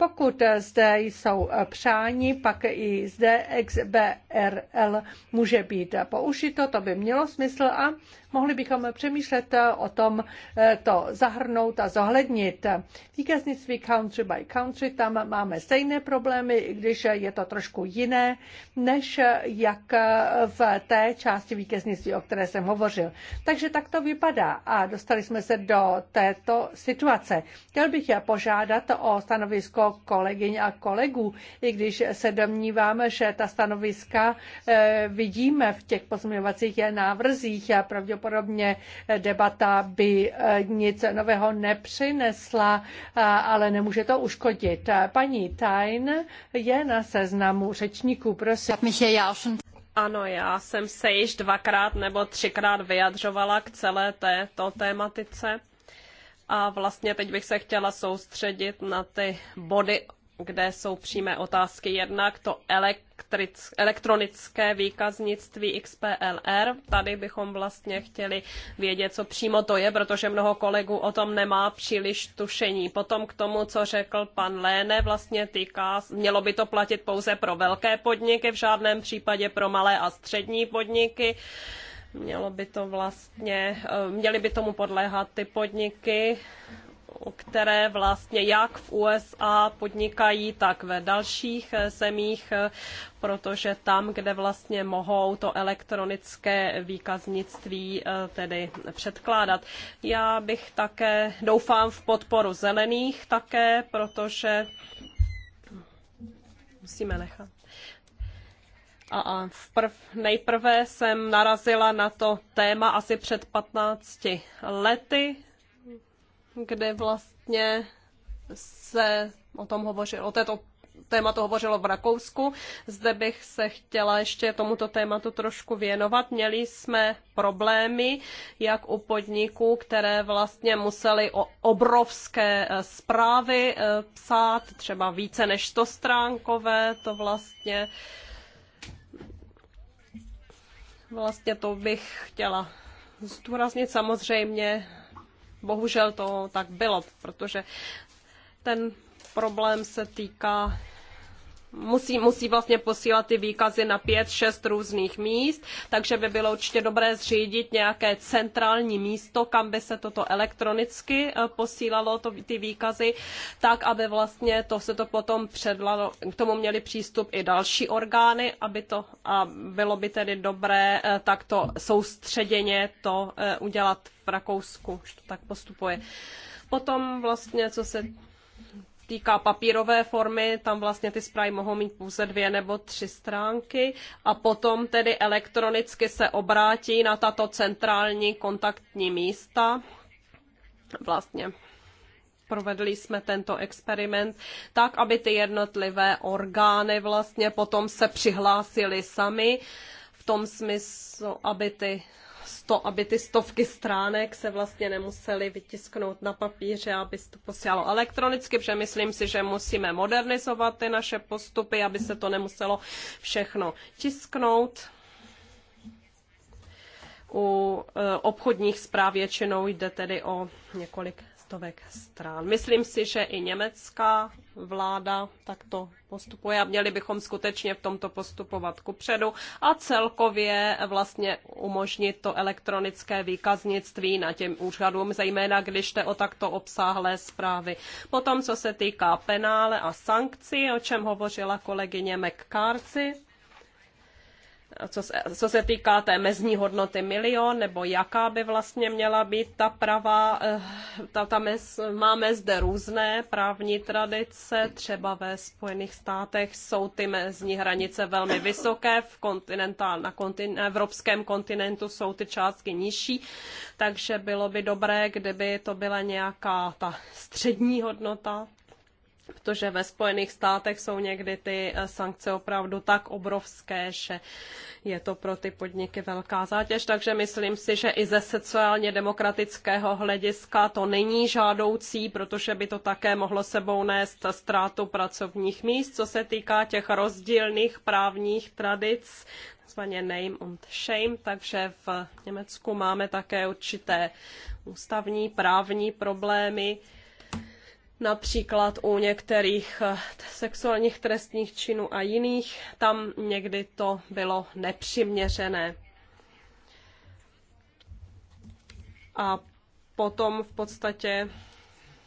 Pokud zde jsou přání, pak i zde XBRL může být použito, to by mělo smysl a mohli bychom přemýšlet o tom eh, to zahrnout a zohlednit. Výkaznictví country by country, tam máme stejné problémy, i když je to trošku jiné, než jak v té části výkaznictví, o které jsem hovořil. Takže tak to vypadá a dostali jsme se do této situace. Chtěl bych je požádat o stanovisko kolegyň a kolegů, i když se domníváme, že ta stanoviska eh, vidíme v těch pozměňovacích návrzích a pravděpodobně debata by eh, nic nového nepřinesla, ale nemůže to uškodit. Paní Tajn je na seznamu řečníků, prosím. Ano, já jsem se již dvakrát nebo třikrát vyjadřovala k celé této tématice a vlastně teď bych se chtěla soustředit na ty body, kde jsou přímé otázky. Jednak to elektric, elektronické výkaznictví XPLR. Tady bychom vlastně chtěli vědět, co přímo to je, protože mnoho kolegů o tom nemá příliš tušení. Potom k tomu, co řekl pan Léne, vlastně týká, mělo by to platit pouze pro velké podniky, v žádném případě pro malé a střední podniky. Uh, Mělo by to vlastně, eh, měly by tomu podléhat ty podniky, které vlastně jak v USA podnikají, tak ve dalších eh, zemích, eh, protože tam, kde vlastně mohou to elektronické výkaznictví tedy předkládat. Já bych také doufám v podporu zelených také, protože musíme nechat. A vprv, nejprve jsem narazila na to téma asi před 15 lety, kde vlastně se o tom hovořilo, o této tématu hovořilo v Rakousku. Zde bych se chtěla ještě tomuto tématu trošku věnovat. Měli jsme problémy, jak u podniků, které vlastně museli o obrovské eh, zprávy eh, psát, třeba více než 100 stránkové, to vlastně Vlastně to bych chtěla zdůraznit samozřejmě. Bohužel to tak bylo, protože ten problém se týká musí, musí vlastně posílat ty výkazy na pět, šest různých míst, takže by bylo určitě dobré zřídit nějaké centrální místo, kam by se toto elektronicky eh, posílalo, to, ty výkazy, tak, aby vlastně to se to potom předlalo, k tomu měli přístup i další orgány, aby to a bylo by tedy dobré eh, takto soustředěně to eh, udělat v Rakousku, že to tak postupuje. Potom vlastně, co se týká papírové formy, tam vlastně ty zprávy mohou mít pouze dvě nebo tři stránky a potom tedy elektronicky se obrátí na tato centrální kontaktní místa. Vlastně provedli jsme tento experiment tak, aby ty jednotlivé orgány vlastně potom se přihlásily sami v tom smyslu, aby ty sto, aby ty stovky stránek se vlastně nemusely vytisknout na papíře, aby se to posílalo elektronicky, protože myslím si, že musíme modernizovat ty naše postupy, aby se to nemuselo všechno tisknout. U e, obchodních zpráv většinou jde tedy o několik stovek strán. Myslím si, že i německá vláda takto postupuje a měli bychom skutečně v tomto postupovat kupředu a celkově vlastně umožnit to elektronické výkaznictví na těm úřadům, zejména když jste o takto obsáhlé zprávy. Potom, co se týká penále a sankcí, o čem hovořila kolegyně McCarthy, co se, co se týká té mezní hodnoty milion, nebo jaká by vlastně měla být ta pravá, eh, ta, ta mez, máme zde různé právní tradice, třeba ve Spojených státech jsou ty mezní hranice velmi vysoké, v kontinentál, na kontin, evropském kontinentu jsou ty částky nižší, takže bylo by dobré, kdyby to byla nějaká ta střední hodnota, protože ve Spojených státech jsou někdy ty eh, sankce opravdu tak obrovské, že je to pro ty podniky velká zátěž. Takže myslím si, že i ze sociálně demokratického hlediska to není žádoucí, protože by to také mohlo sebou nést ztrátu pracovních míst. Co se týká těch rozdílných právních tradic, takzvaně name and shame, takže v Německu máme také určité ústavní právní problémy, například u některých eh, sexuálních trestních činů a jiných, tam někdy to bylo nepřiměřené. A potom v podstatě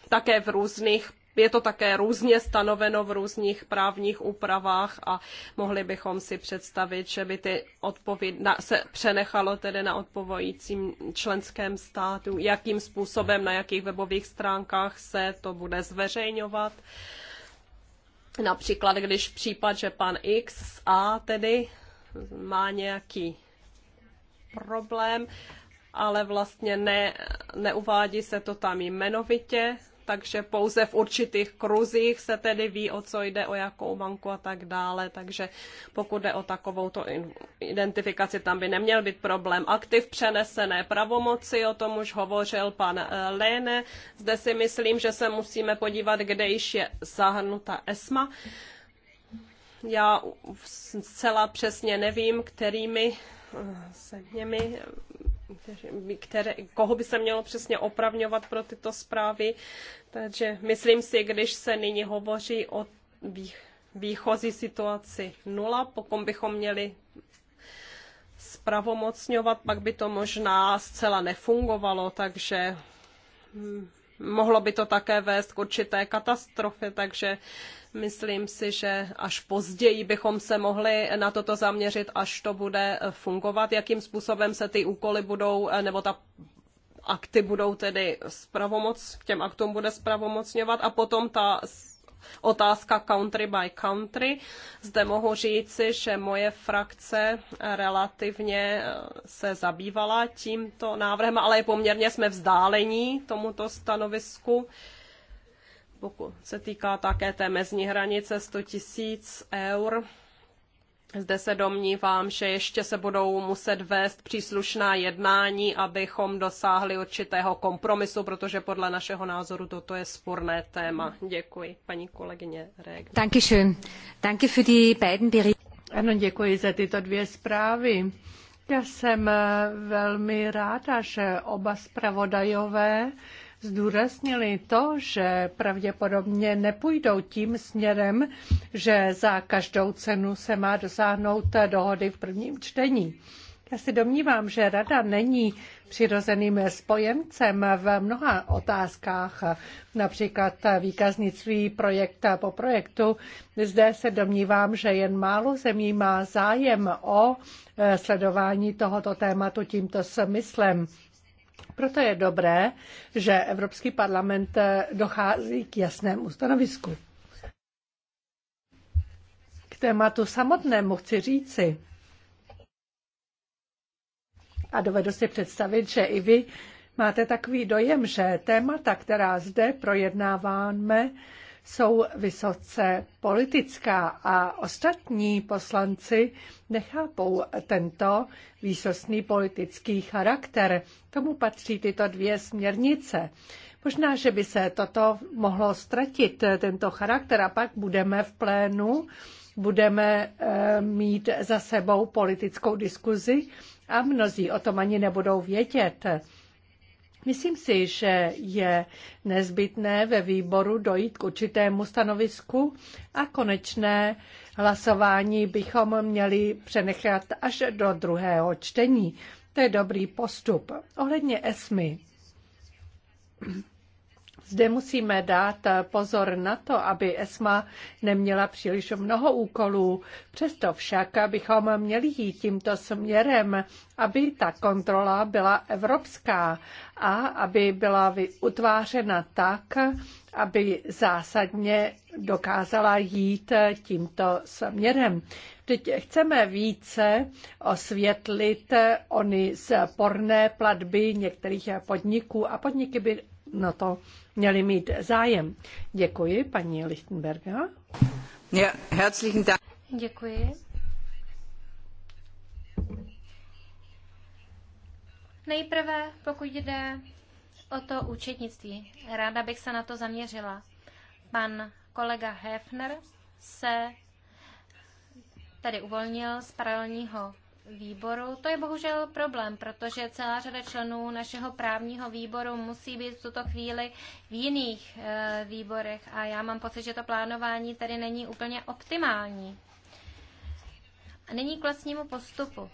také v různých je to také různě stanoveno v různých právních úpravách a mohli bychom si představit, že by ty odpověd na, se přenechalo tedy na odpovojícím členském státu, jakým způsobem, na jakých webových stránkách se to bude zveřejňovat. Například, když případ, že pan X A tedy má nějaký problém, ale vlastně ne, neuvádí se to tam jmenovitě, takže pouze v určitých kruzích se tedy ví, o co jde, o jakou banku a tak dále, takže pokud jde o takovou to identifikaci, tam by neměl být problém. Aktiv přenesené pravomoci, o tom už hovořil pan eh, Léne. Zde si myslím, že se musíme podívat, kde již je zahrnuta ESMA. Já zcela přesně nevím, kterými se němi, které, koho by se mělo přesně opravňovat pro tyto zprávy. Takže myslím si, když se nyní hovoří o výchozí situaci nula, pokud bychom měli zpravomocňovat, pak by to možná zcela nefungovalo, takže hm, mohlo by to také vést k určité katastrofě, takže myslím si, že až později bychom se mohli na toto zaměřit, až to bude fungovat, jakým způsobem se ty úkoly budou, eh, nebo ta akty budou tedy spravomoc, k těm aktům bude spravomocňovat a potom ta otázka country by country. Zde mohu říci, že moje frakce relativně eh, se zabývala tímto návrhem, ale poměrně jsme vzdálení tomuto stanovisku. Pokud se týká také té mezní hranice 100 000 eur, zde se domnívám, že ještě se budou muset vést příslušná jednání, abychom dosáhli určitého kompromisu, protože podle našeho názoru toto je sporné téma. Děkuji, paní kolegyně Reg. schön. Danke für die beiden Berichte. Ano, děkuji za tyto dvě zprávy. Já jsem eh, velmi ráda, že oba zpravodajové zdůraznili to, že pravděpodobně nepůjdou tím směrem, že za každou cenu se má dosáhnout dohody v prvním čtení. Já si domnívám, že rada není přirozeným spojencem v mnoha otázkách, například výkaznictví projekt po projektu. Zde se domnívám, že jen málo zemí má zájem o sledování tohoto tématu tímto smyslem. Proto je dobré, že Evropský parlament eh, dochází k jasnému stanovisku. K tématu samotnému chci říci, a dovedu si představit, že i vy máte takový dojem, že témata, která zde projednáváme, jsou vysoce politická a ostatní poslanci nechápou tento výsostný politický charakter. Tomu patří tyto dvě směrnice. Možná, že by se toto mohlo ztratit, tento charakter, a pak budeme v plénu, budeme eh, mít za sebou politickou diskuzi a mnozí o tom ani nebudou vědět. Myslím si, že je nezbytné ve výboru dojít k určitému stanovisku a konečné hlasování bychom měli přenechat až do druhého čtení. To je dobrý postup. Ohledně ESMY. Zde musíme dát pozor na to, aby ESMA neměla příliš mnoho úkolů. Přesto však bychom měli jít tímto směrem, aby ta kontrola byla evropská a aby byla utvářena tak, aby zásadně dokázala jít tímto směrem. Teď chceme více osvětlit ony sporné platby některých podniků a podniky by na to měli mít zájem. Děkuji, paní Lichtenberga. Ja, herzlichen Dank. Děkuji. Nejprve, pokud jde o to účetnictví, ráda bych se na to zaměřila. Pan kolega Hefner se tady uvolnil z paralelního výboru. To je bohužel problém, protože celá řada členů našeho právního výboru musí být v tuto chvíli v jiných e, výborech a já mám pocit, že to plánování tady není úplně optimální. A nyní k vlastnímu postupu.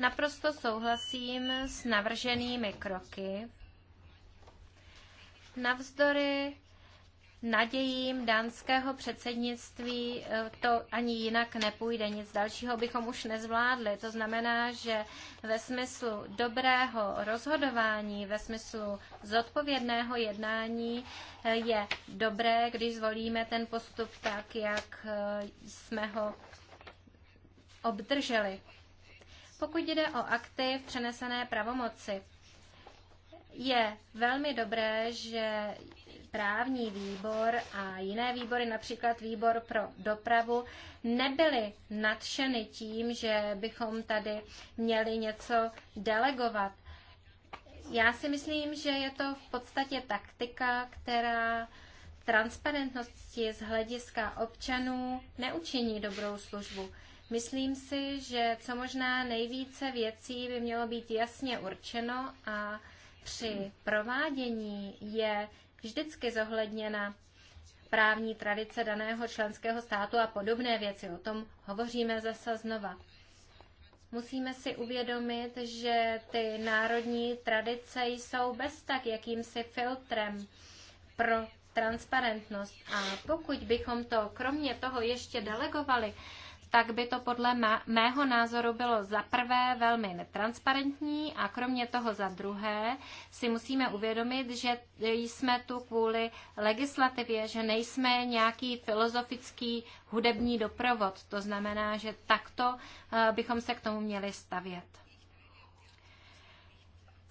Naprosto souhlasím s navrženými kroky. Navzdory nadějím dánského předsednictví eh, to ani jinak nepůjde. Nic dalšího bychom už nezvládli. To znamená, že ve smyslu dobrého rozhodování, ve smyslu zodpovědného jednání eh, je dobré, když zvolíme ten postup tak, jak eh, jsme ho obdrželi. Pokud jde o akty v přenesené pravomoci, je velmi dobré, že správní výbor a jiné výbory, například výbor pro dopravu, nebyly nadšeny tím, že bychom tady měli něco delegovat. Já si myslím, že je to v podstatě taktika, která transparentnosti z hlediska občanů neučiní dobrou službu. Myslím si, že co možná nejvíce věcí by mělo být jasně určeno a při provádění je vždycky zohledněna právní tradice daného členského státu a podobné věci. O tom hovoříme zase znova. Musíme si uvědomit, že ty národní tradice jsou bez tak jakýmsi filtrem pro transparentnost. A pokud bychom to kromě toho ještě delegovali tak by to podle mého názoru bylo za prvé velmi netransparentní a kromě toho za druhé si musíme uvědomit, že jsme tu kvůli legislativě, že nejsme nějaký filozofický hudební doprovod. To znamená, že takto eh, bychom se k tomu měli stavět.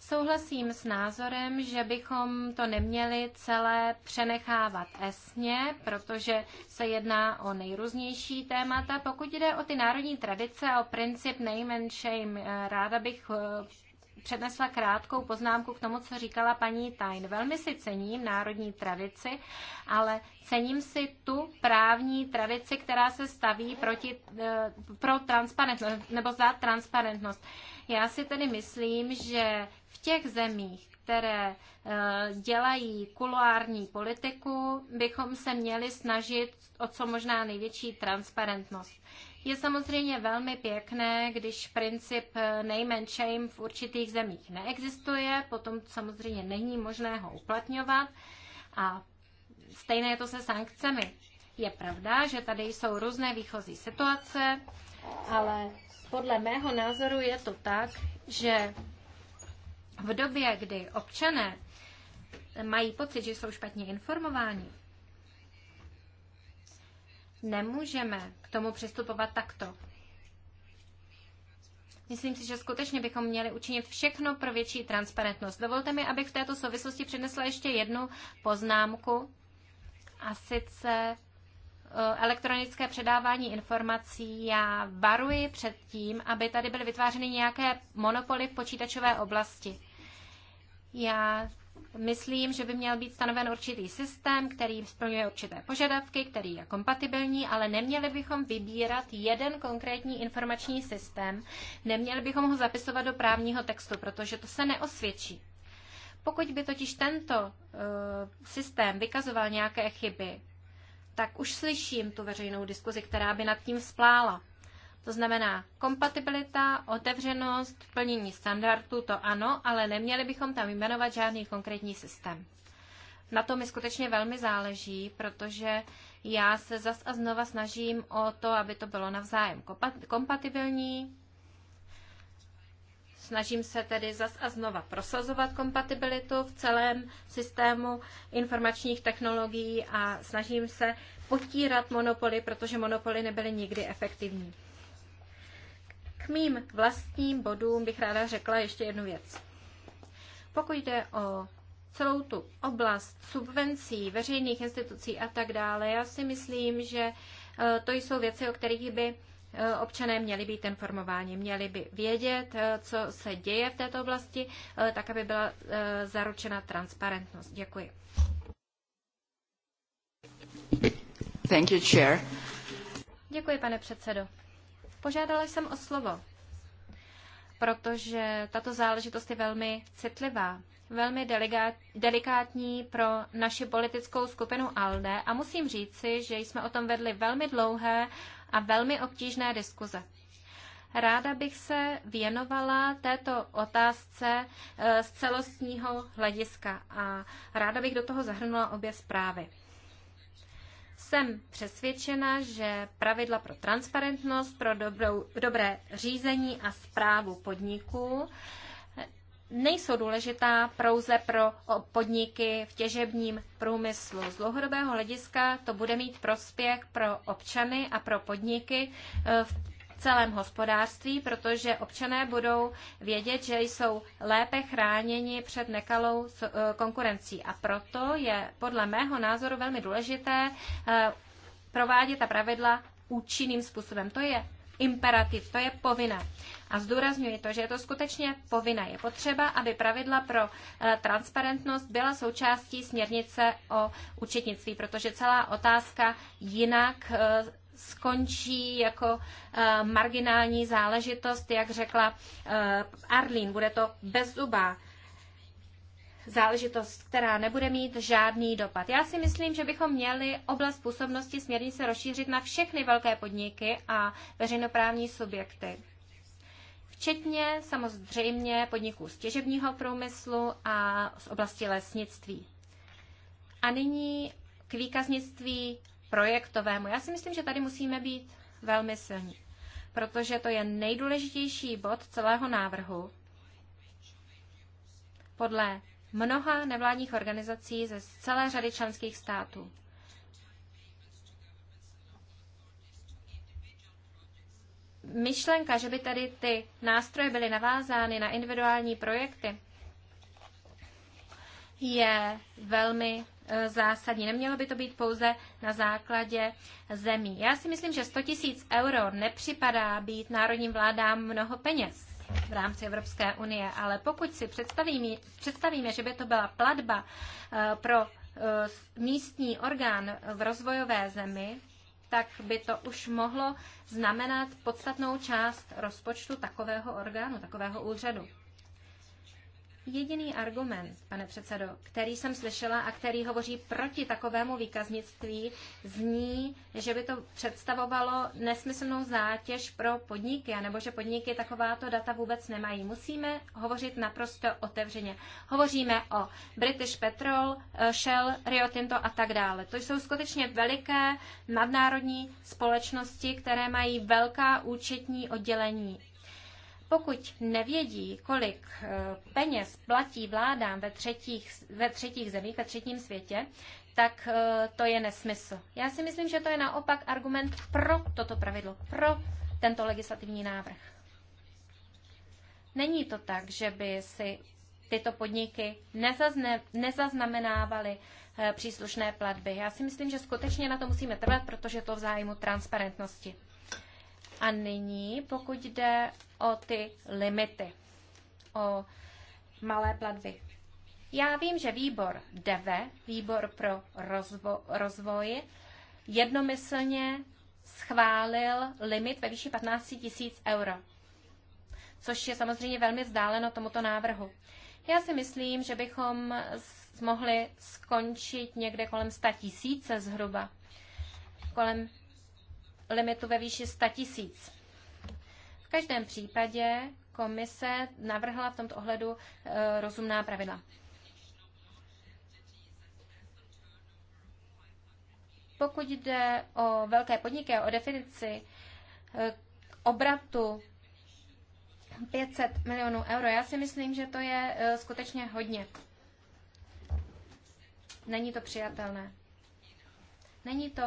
Souhlasím s názorem, že bychom to neměli celé přenechávat esně, protože se jedná o nejrůznější témata. Pokud jde o ty národní tradice a o princip name and shame, eh, ráda bych eh, přednesla krátkou poznámku k tomu, co říkala paní Tajn. Velmi si cením národní tradici, ale cením si tu právní tradici, která se staví proti, eh, pro transparentnost nebo za transparentnost. Já si tedy myslím, že v těch zemích, které eh, dělají kuloární politiku, bychom se měli snažit o co možná největší transparentnost. Je samozřejmě velmi pěkné, když princip eh, name and shame v určitých zemích neexistuje, potom samozřejmě není možné ho uplatňovat a stejné je to se sankcemi. Je pravda, že tady jsou různé výchozí situace, ale podle mého názoru je to tak, že v době, kdy občané mají pocit, že jsou špatně informováni, nemůžeme k tomu přistupovat takto. Myslím si, že skutečně bychom měli učinit všechno pro větší transparentnost. Dovolte mi, abych v této souvislosti přinesla ještě jednu poznámku, a sice e, elektronické předávání informací. Já varuji před tím, aby tady byly vytvářeny nějaké monopoly v počítačové oblasti. Já myslím, že by měl být stanoven určitý systém, který splňuje určité požadavky, který je kompatibilní, ale neměli bychom vybírat jeden konkrétní informační systém, neměli bychom ho zapisovat do právního textu, protože to se neosvědčí. Pokud by totiž tento uh, systém vykazoval nějaké chyby, tak už slyším tu veřejnou diskuzi, která by nad tím splála. To znamená kompatibilita, otevřenost, plnění standardů, to ano, ale neměli bychom tam jmenovat žádný konkrétní systém. Na to mi skutečně velmi záleží, protože já se zas a znova snažím o to, aby to bylo navzájem kompatibilní. Snažím se tedy zas a znova prosazovat kompatibilitu v celém systému informačních technologií a snažím se potírat monopoly, protože monopoly nebyly nikdy efektivní mým vlastním bodům bych ráda řekla ještě jednu věc. Pokud jde o celou tu oblast subvencí, veřejných institucí a tak dále, já si myslím, že e, to jsou věci, o kterých by e, občané měli být informováni, měli by vědět, e, co se děje v této oblasti, tak aby byla zaručena transparentnost. Děkuji. Thank you, chair. Děkuji, pane předsedo. Požádala jsem o slovo, protože tato záležitost je velmi citlivá, velmi delikátní pro naši politickou skupinu ALDE a musím říci, že jsme o tom vedli velmi dlouhé a velmi obtížné diskuze. Ráda bych se věnovala této otázce e, z celostního hlediska a ráda bych do toho zahrnula obě zprávy. Jsem přesvědčena, že pravidla pro transparentnost, pro dobrou, dobré řízení a zprávu podniků nejsou důležitá pouze pro podniky v těžebním průmyslu. Z dlouhodobého hlediska to bude mít prospěch pro občany a pro podniky e, v celém hospodářství, protože občané budou vědět, že jsou lépe chráněni před nekalou eh, konkurencí. A proto je podle mého názoru velmi důležité eh, provádět ta pravidla účinným způsobem. To je imperativ, to je povinné. A zdůrazňuji to, že je to skutečně povinné. Je potřeba, aby pravidla pro eh, transparentnost byla součástí směrnice o účetnictví, protože celá otázka jinak skončí jako eh, marginální záležitost, jak řekla eh, Arlín, bude to bezzubá záležitost, která nebude mít žádný dopad. Já si myslím, že bychom měli oblast působnosti směrnice rozšířit na všechny velké podniky a veřejnoprávní subjekty. Včetně samozřejmě podniků z těžebního průmyslu a z oblasti lesnictví. A nyní k výkaznictví projektovému. Já si myslím, že tady musíme být velmi silní, protože to je nejdůležitější bod celého návrhu. Podle mnoha nevládních organizací ze celé řady členských států. Myšlenka, že by tady ty nástroje byly navázány na individuální projekty, je velmi Eh, zásadní. Nemělo by to být pouze na základě zemí. Já si myslím, že 100 tisíc euro nepřipadá být národním vládám mnoho peněz v rámci Evropské unie, ale pokud si představíme, představíme že by to byla platba eh, pro eh, místní orgán v rozvojové zemi, tak by to už mohlo znamenat podstatnou část rozpočtu takového orgánu, takového úřadu jediný argument, pane předsedo, který jsem slyšela a který hovoří proti takovému výkaznictví, zní, že by to představovalo nesmyslnou zátěž pro podniky, anebo že podniky takováto data vůbec nemají. Musíme hovořit naprosto otevřeně. Hovoříme o British Petrol, eh, Shell, Rio Tinto a tak dále. To jsou skutečně veliké nadnárodní společnosti, které mají velká účetní oddělení pokud nevědí, kolik eh, peněz platí vládám ve třetích, ve třetích zemích, ve třetím světě, tak eh, to je nesmysl. Já si myslím, že to je naopak argument pro toto pravidlo, pro tento legislativní návrh. Není to tak, že by si tyto podniky nezazne, nezaznamenávaly eh, příslušné platby. Já si myslím, že skutečně na to musíme trvat, protože to v zájmu transparentnosti. A nyní, pokud jde o ty limity, o malé platby. Já vím, že výbor DEVE, výbor pro rozvo- rozvoj, jednomyslně schválil limit ve výši 15 000 euro, což je samozřejmě velmi vzdáleno tomuto návrhu. Já si myslím, že bychom mohli skončit někde kolem 100 tisíce zhruba. Kolem limitu ve výši 100 tisíc. V každém případě komise navrhla v tomto ohledu e, rozumná pravidla. Pokud jde o velké podniky a o definici e, obratu 500 milionů euro, já si myslím, že to je e, skutečně hodně. Není to přijatelné. Není to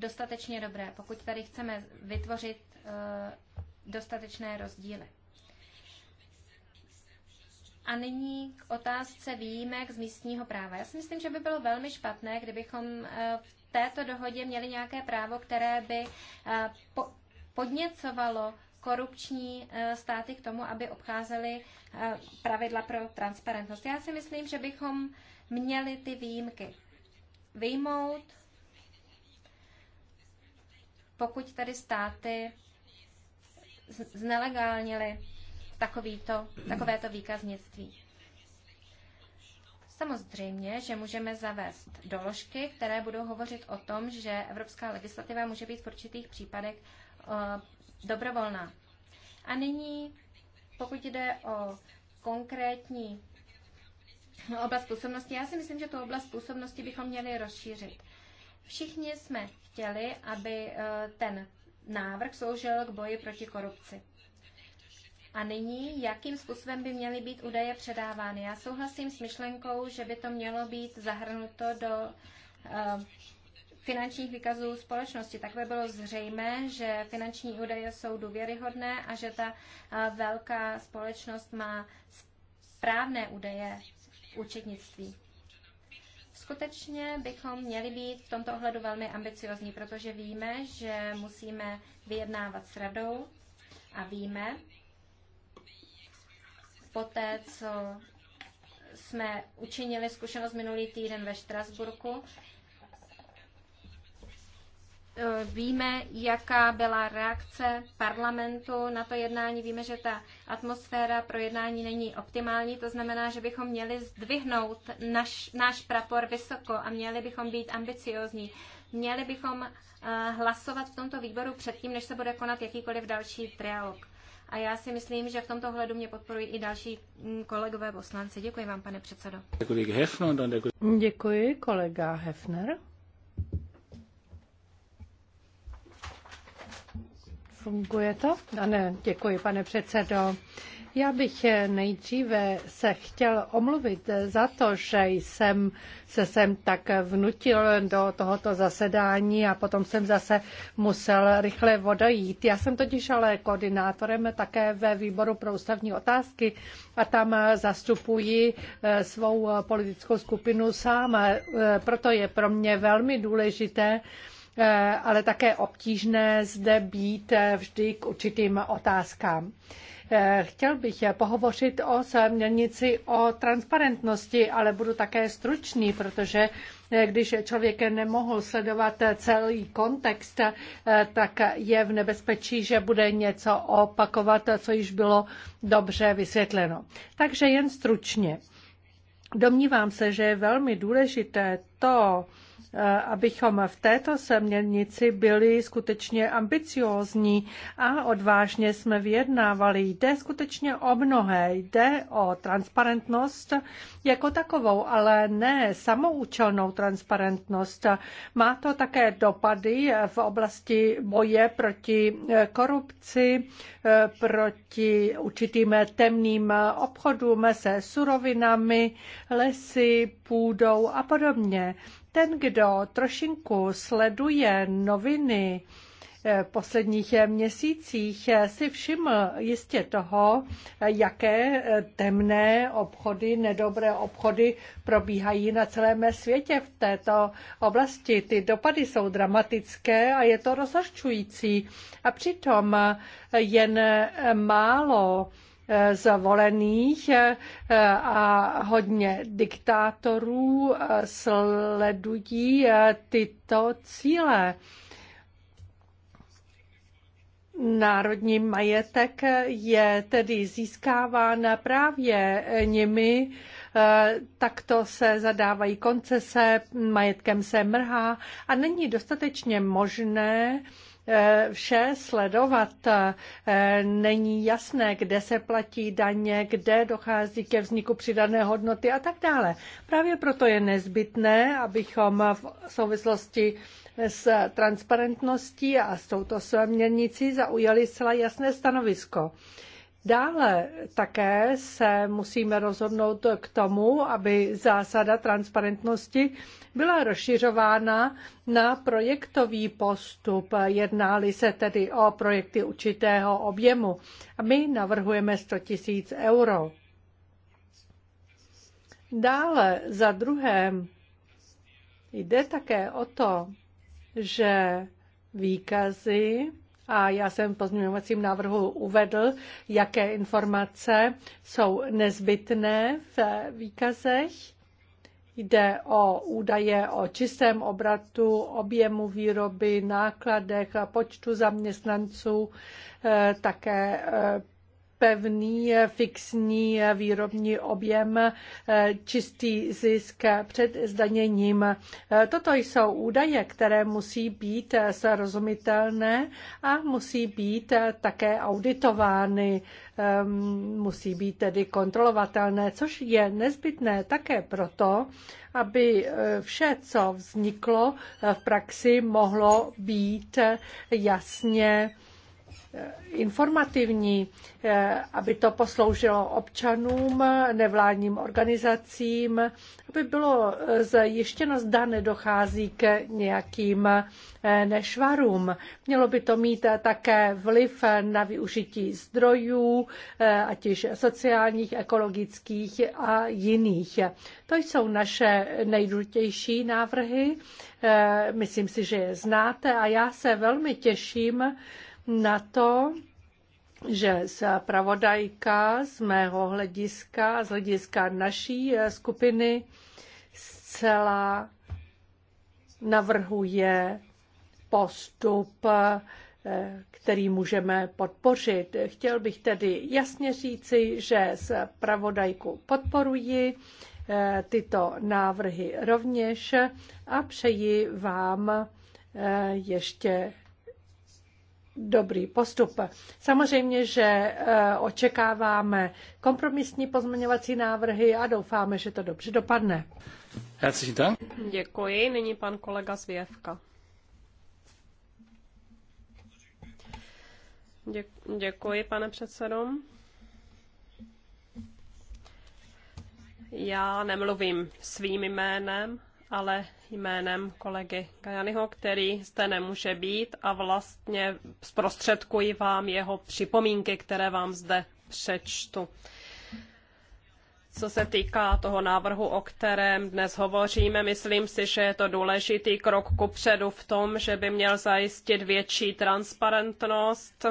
dostatečně dobré, pokud tady chceme vytvořit eh, dostatečné rozdíly. A nyní k otázce výjimek z místního práva. Já si myslím, že by bylo velmi špatné, kdybychom eh, v této dohodě měli nějaké právo, které by eh, podněcovalo korupční státy k tomu, aby obcházely pravidla pro transparentnost. Já si myslím, že bychom měli ty výjimky vyjmout pokud tady státy znelegálnili takovýto, takovéto výkaznictví. Samozřejmě, že můžeme zavést doložky, které budou hovořit o tom, že evropská legislativa může být v určitých případech uh, dobrovolná. A nyní, pokud jde o konkrétní oblast působnosti, já si myslím, že tu oblast působnosti bychom měli rozšířit. Všichni jsme chtěli, aby eh, ten návrh sloužil k boji proti korupci. A nyní, jakým způsobem by měly být údaje předávány? Já souhlasím s myšlenkou, že by to mělo být zahrnuto do eh, finančních výkazů společnosti. Tak by bylo zřejmé, že finanční údaje jsou důvěryhodné a že ta eh, velká společnost má správné údaje účetnictví. Skutečně bychom měli být v tomto ohledu velmi ambiciozní, protože víme, že musíme vyjednávat s radou a víme, poté co jsme učinili zkušenost minulý týden ve Štrasburku, E, víme, jaká byla reakce parlamentu na to jednání. Víme, že ta atmosféra pro jednání není optimální. To znamená, že bychom měli zdvihnout naš, náš prapor vysoko a měli bychom být ambiciozní. Měli bychom e, hlasovat v tomto výboru předtím, než se bude konat jakýkoliv další trialog. A já si myslím, že v tomto hledu mě podporují i další mm, kolegové poslanci. Děkuji vám, pane předsedo. Děkuji, kolega Hefner. Funguje to? Ano, děkuji, pane předsedo. Já bych nejdříve se chtěl omluvit za to, že jsem se sem tak vnutil do tohoto zasedání a potom jsem zase musel rychle odejít. Já jsem totiž ale koordinátorem také ve výboru pro ústavní otázky a tam zastupuji eh, svou politickou skupinu sám. Eh, proto je pro mě velmi důležité, Eh, ale také obtížné zde být eh, vždy k určitým otázkám. Eh, chtěl bych pohovořit o směrnici o transparentnosti, ale budu také stručný, protože když člověk nemohl sledovat celý kontext, tak je v nebezpečí, že bude něco opakovat, co již bylo dobře vysvětleno. Takže jen stručně. Domnívám se, že je velmi důležité to, abychom v této směrnici byli skutečně ambiciózní a odvážně jsme vyjednávali. Jde skutečně o mnohé, jde o transparentnost jako takovou, ale ne samoučelnou transparentnost. Má to také dopady v oblasti boje proti eh, korupci, eh, proti určitým temným obchodům se surovinami, lesy, půdou a podobně. Ten, kdo trošinku sleduje noviny, eh, posledních eh, měsících eh, si všiml jistě toho, jaké temné obchody, nedobré obchody probíhají na celém světě v této oblasti. Ty dopady jsou dramatické a je to rozhorčující. A přitom jen málo zvolených eh, a hodně diktátorů eh, sledují eh, tyto cíle. Národní majetek je tedy získáván právě nimi, takto se zadávají koncese, majetkem se mrhá a není dostatečně možné Eh, vše sledovat. Eh, není jasné, kde se platí daně, kde dochází ke vzniku přidané hodnoty a tak dále. Právě proto je nezbytné, abychom v souvislosti s transparentností a s touto směrnicí zaujali zcela jasné stanovisko. Dále také se musíme rozhodnout k tomu, aby zásada transparentnosti byla rozšiřována na projektový postup. Jednáli se tedy o projekty určitého objemu. A my navrhujeme 100 000 euro. Dále za druhé jde také o to, že výkazy a já jsem v pozměňovacím návrhu uvedl, jaké informace jsou nezbytné v výkazech. Jde o údaje o čistém obratu, objemu výroby, nákladech, počtu zaměstnanců, eh, také eh, pevný fixní výrobní objem, eh, čistý zisk před zdaněním. Eh, toto jsou údaje, které musí být srozumitelné a musí být také auditovány, ehm, musí být tedy kontrolovatelné, což je nezbytné také proto, aby eh, vše, co vzniklo v praxi, mohlo být jasně informativní, eh, aby to posloužilo občanům, nevládním organizacím, aby bylo eh, zjištěno, zda nedochází k nějakým eh, nešvarům. Mělo by to mít také vliv na využití zdrojů, ať již sociálních, ekologických a jiných. To jsou naše nejdůležitější návrhy. Myslím si, že je znáte a já se velmi těším, na to, že zpravodajka z mého hlediska, z hlediska naší eh, skupiny, zcela navrhuje postup, eh, který můžeme podpořit. Chtěl bych tedy jasně říci, že zpravodajku podporuji, eh, tyto návrhy rovněž a přeji vám ještě dobrý postup. Samozřejmě, že e, očekáváme kompromisní pozměňovací návrhy a doufáme, že to dobře dopadne. Děkuji. Nyní pan kolega Zvěvka. Děkuji, pane předsedo. Já nemluvím svým jménem, ale jménem kolegy Gajanyho, který zde nemůže být a vlastně zprostředkuji vám jeho připomínky, které vám zde přečtu. Co se týká toho návrhu, o kterém dnes hovoříme, myslím si, že je to důležitý krok kupředu v tom, že by měl zajistit větší transparentnost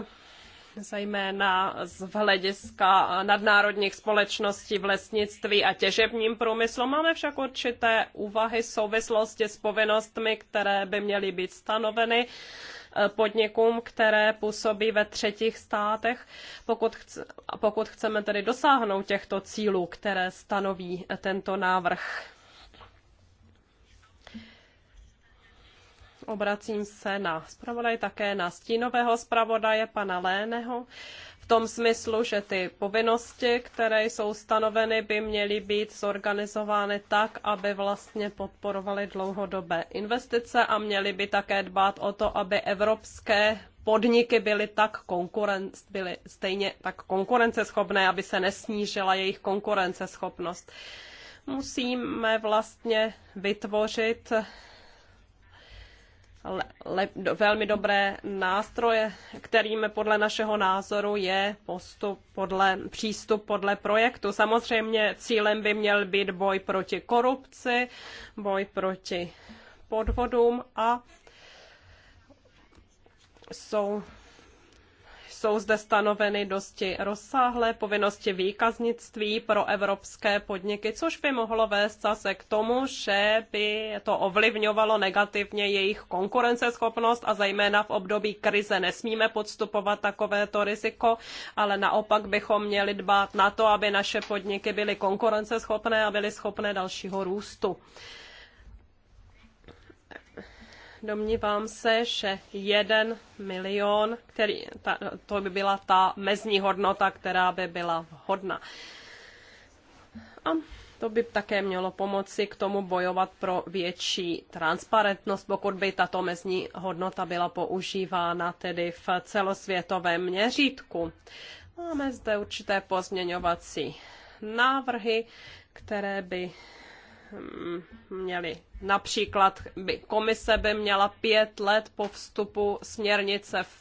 zejména z hlediska nadnárodních společností v lesnictví a těžebním průmyslu. Máme však určité úvahy v souvislosti s povinnostmi, které by měly být stanoveny eh, podnikům, které působí ve třetích státech, pokud, chce, pokud chceme tedy dosáhnout těchto cílů, které stanoví tento návrh. obracím se na zpravodaj, také na stínového zpravodaje pana Léneho, v tom smyslu, že ty povinnosti, které jsou stanoveny, by měly být zorganizovány tak, aby vlastně podporovaly dlouhodobé investice a měly by také dbát o to, aby evropské podniky byly tak konkuren, byly stejně tak konkurenceschopné, aby se nesnížila jejich konkurenceschopnost. Musíme vlastně vytvořit le, do, velmi dobré nástroje, kterým podle našeho názoru je postup podle, přístup podle projektu. Samozřejmě cílem by měl být boj proti korupci, boj proti podvodům a jsou jsou zde stanoveny dosti rozsáhlé povinnosti výkaznictví pro evropské podniky, což by mohlo vést zase k tomu, že by to ovlivňovalo negativně jejich konkurenceschopnost a zejména v období krize nesmíme podstupovat takovéto riziko, ale naopak bychom měli dbát na to, aby naše podniky byly konkurenceschopné a byly schopné dalšího růstu domnívám se, že jeden milion, který, ta, to by byla ta mezní hodnota, která by byla vhodná. A to by také mělo pomoci k tomu bojovat pro větší transparentnost, pokud by tato mezní hodnota byla používána tedy v celosvětovém měřítku. Máme zde určité pozměňovací návrhy, které by Hm, měli. Například by komise by měla pět let po vstupu směrnice v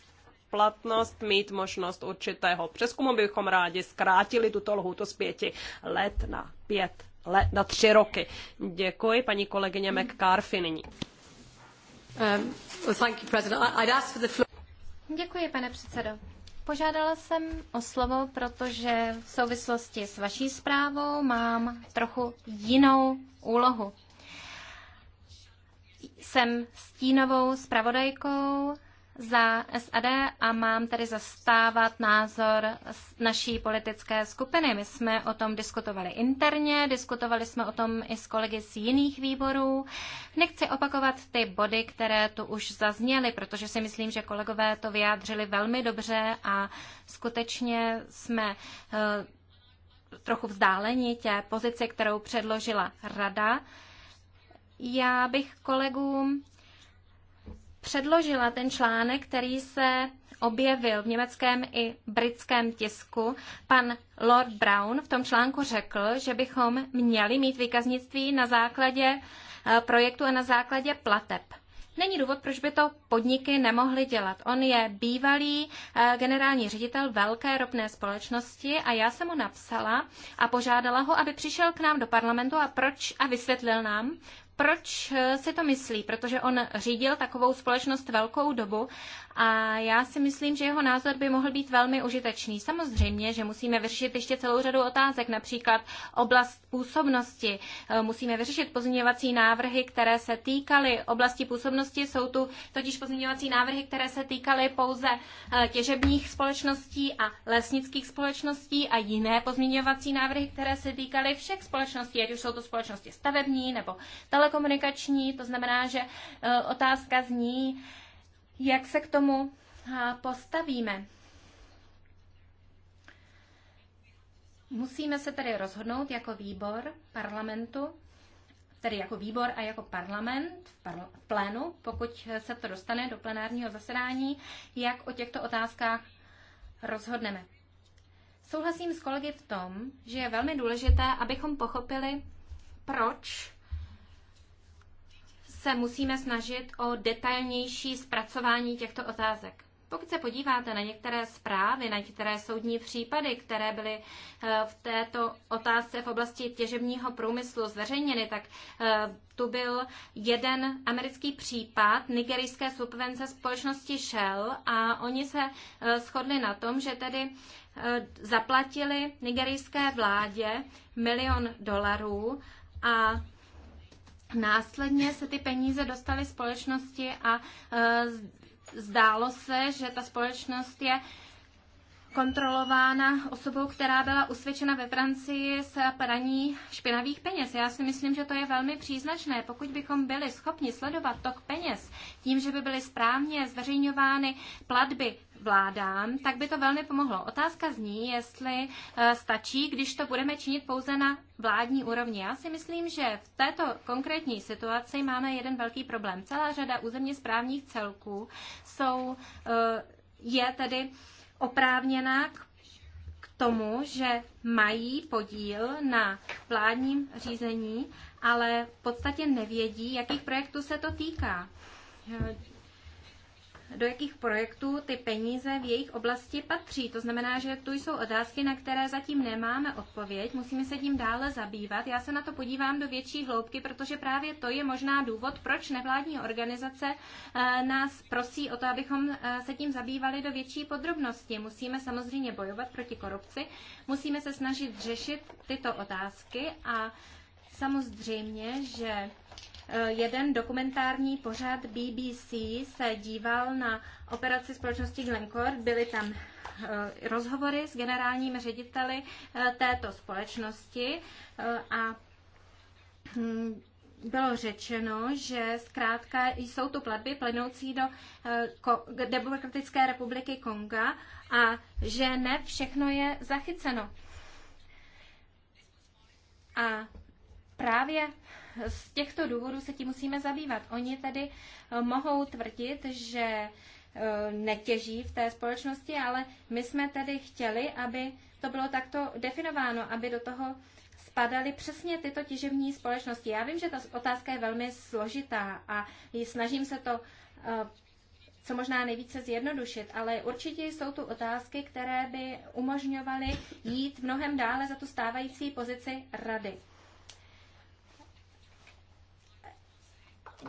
platnost, mít možnost určitého přeskumu. Bychom rádi zkrátili tuto lhůtu z pěti let na pět let, na tři roky. Děkuji, paní kolegyně McCarthy nyní. Um, Děkuji, pane předsedo. Požádala jsem o slovo, protože v souvislosti s vaší zprávou mám trochu jinou úlohu. Jsem stínovou zpravodajkou za SAD a mám tedy zastávat názor naší politické skupiny. My jsme o tom diskutovali interně, diskutovali jsme o tom i s kolegy z jiných výborů. Nechci opakovat ty body, které tu už zazněly, protože si myslím, že kolegové to vyjádřili velmi dobře a skutečně jsme eh, trochu vzdáleni tě pozici, kterou předložila rada. Já bych kolegům předložila ten článek, který se objevil v německém i britském tisku. Pan Lord Brown v tom článku řekl, že bychom měli mít výkaznictví na základě eh, projektu a na základě plateb. Není důvod, proč by to podniky nemohly dělat. On je bývalý eh, generální ředitel velké ropné společnosti a já jsem mu napsala a požádala ho, aby přišel k nám do parlamentu a proč a vysvětlil nám, proč si to myslí? Protože on řídil takovou společnost velkou dobu a já si myslím, že jeho názor by mohl být velmi užitečný. Samozřejmě, že musíme vyřešit ještě celou řadu otázek, například oblast působnosti. Eh, musíme vyřešit pozměňovací návrhy, které se týkaly oblasti působnosti. Jsou tu totiž pozměňovací návrhy, které se týkaly pouze eh, těžebních společností a lesnických společností a jiné pozměňovací návrhy, které se týkaly všech společností, ať už jsou to společnosti stavební nebo telekomunikační. To znamená, že eh, otázka zní, jak se k tomu postavíme. Musíme se tedy rozhodnout jako výbor parlamentu, tedy jako výbor a jako parlament v, parl- v plénu, pokud se to dostane do plenárního zasedání, jak o těchto otázkách rozhodneme. Souhlasím s kolegy v tom, že je velmi důležité, abychom pochopili, proč se musíme snažit o detailnější zpracování těchto otázek. Pokud se podíváte na některé zprávy, na některé soudní případy, které byly eh, v této otázce v oblasti těžebního průmyslu zveřejněny, tak eh, tu byl jeden americký případ nigerijské subvence společnosti Shell a oni se eh, shodli na tom, že tedy zaplatili nigerijské vládě milion dolarů a Následně se ty peníze dostaly společnosti a e, zdálo se, že ta společnost je kontrolována osobou, která byla usvědčena ve Francii s praní špinavých peněz. Já si myslím, že to je velmi příznačné. Pokud bychom byli schopni sledovat tok peněz tím, že by byly správně zveřejňovány platby vládám, tak by to velmi pomohlo. Otázka zní, jestli eh, stačí, když to budeme činit pouze na vládní úrovni. Já si myslím, že v této konkrétní situaci máme jeden velký problém. Celá řada územně správních celků jsou, eh, je tedy oprávněná k tomu, že mají podíl na vládním řízení, ale v podstatě nevědí, jakých projektů se to týká. Eh, do jakých projektů ty peníze v jejich oblasti patří. To znamená, že tu jsou otázky, na které zatím nemáme odpověď, musíme se tím dále zabývat. Já se na to podívám do větší hloubky, protože právě to je možná důvod, proč nevládní organizace eh, nás prosí o to, abychom eh, se tím zabývali do větší podrobnosti. Musíme samozřejmě bojovat proti korupci, musíme se snažit řešit tyto otázky a samozřejmě, že Eh, jeden dokumentární pořad BBC se díval na operaci společnosti Glencore. Byly tam eh, rozhovory s generálními řediteli eh, této společnosti a hm, bylo řečeno, že zkrátka jsou to platby plynoucí do Demokratické republiky Konga a že ne všechno je zachyceno. A právě z těchto důvodů se tím musíme zabývat. Oni tedy eh, mohou tvrdit, že eh, netěží v té společnosti, ale my jsme tedy chtěli, aby to bylo takto definováno, aby do toho spadaly přesně tyto těžební společnosti. Já vím, že ta otázka je velmi složitá a snažím se to eh, co možná nejvíce zjednodušit, ale určitě jsou tu otázky, které by umožňovaly jít mnohem dále za tu stávající pozici rady.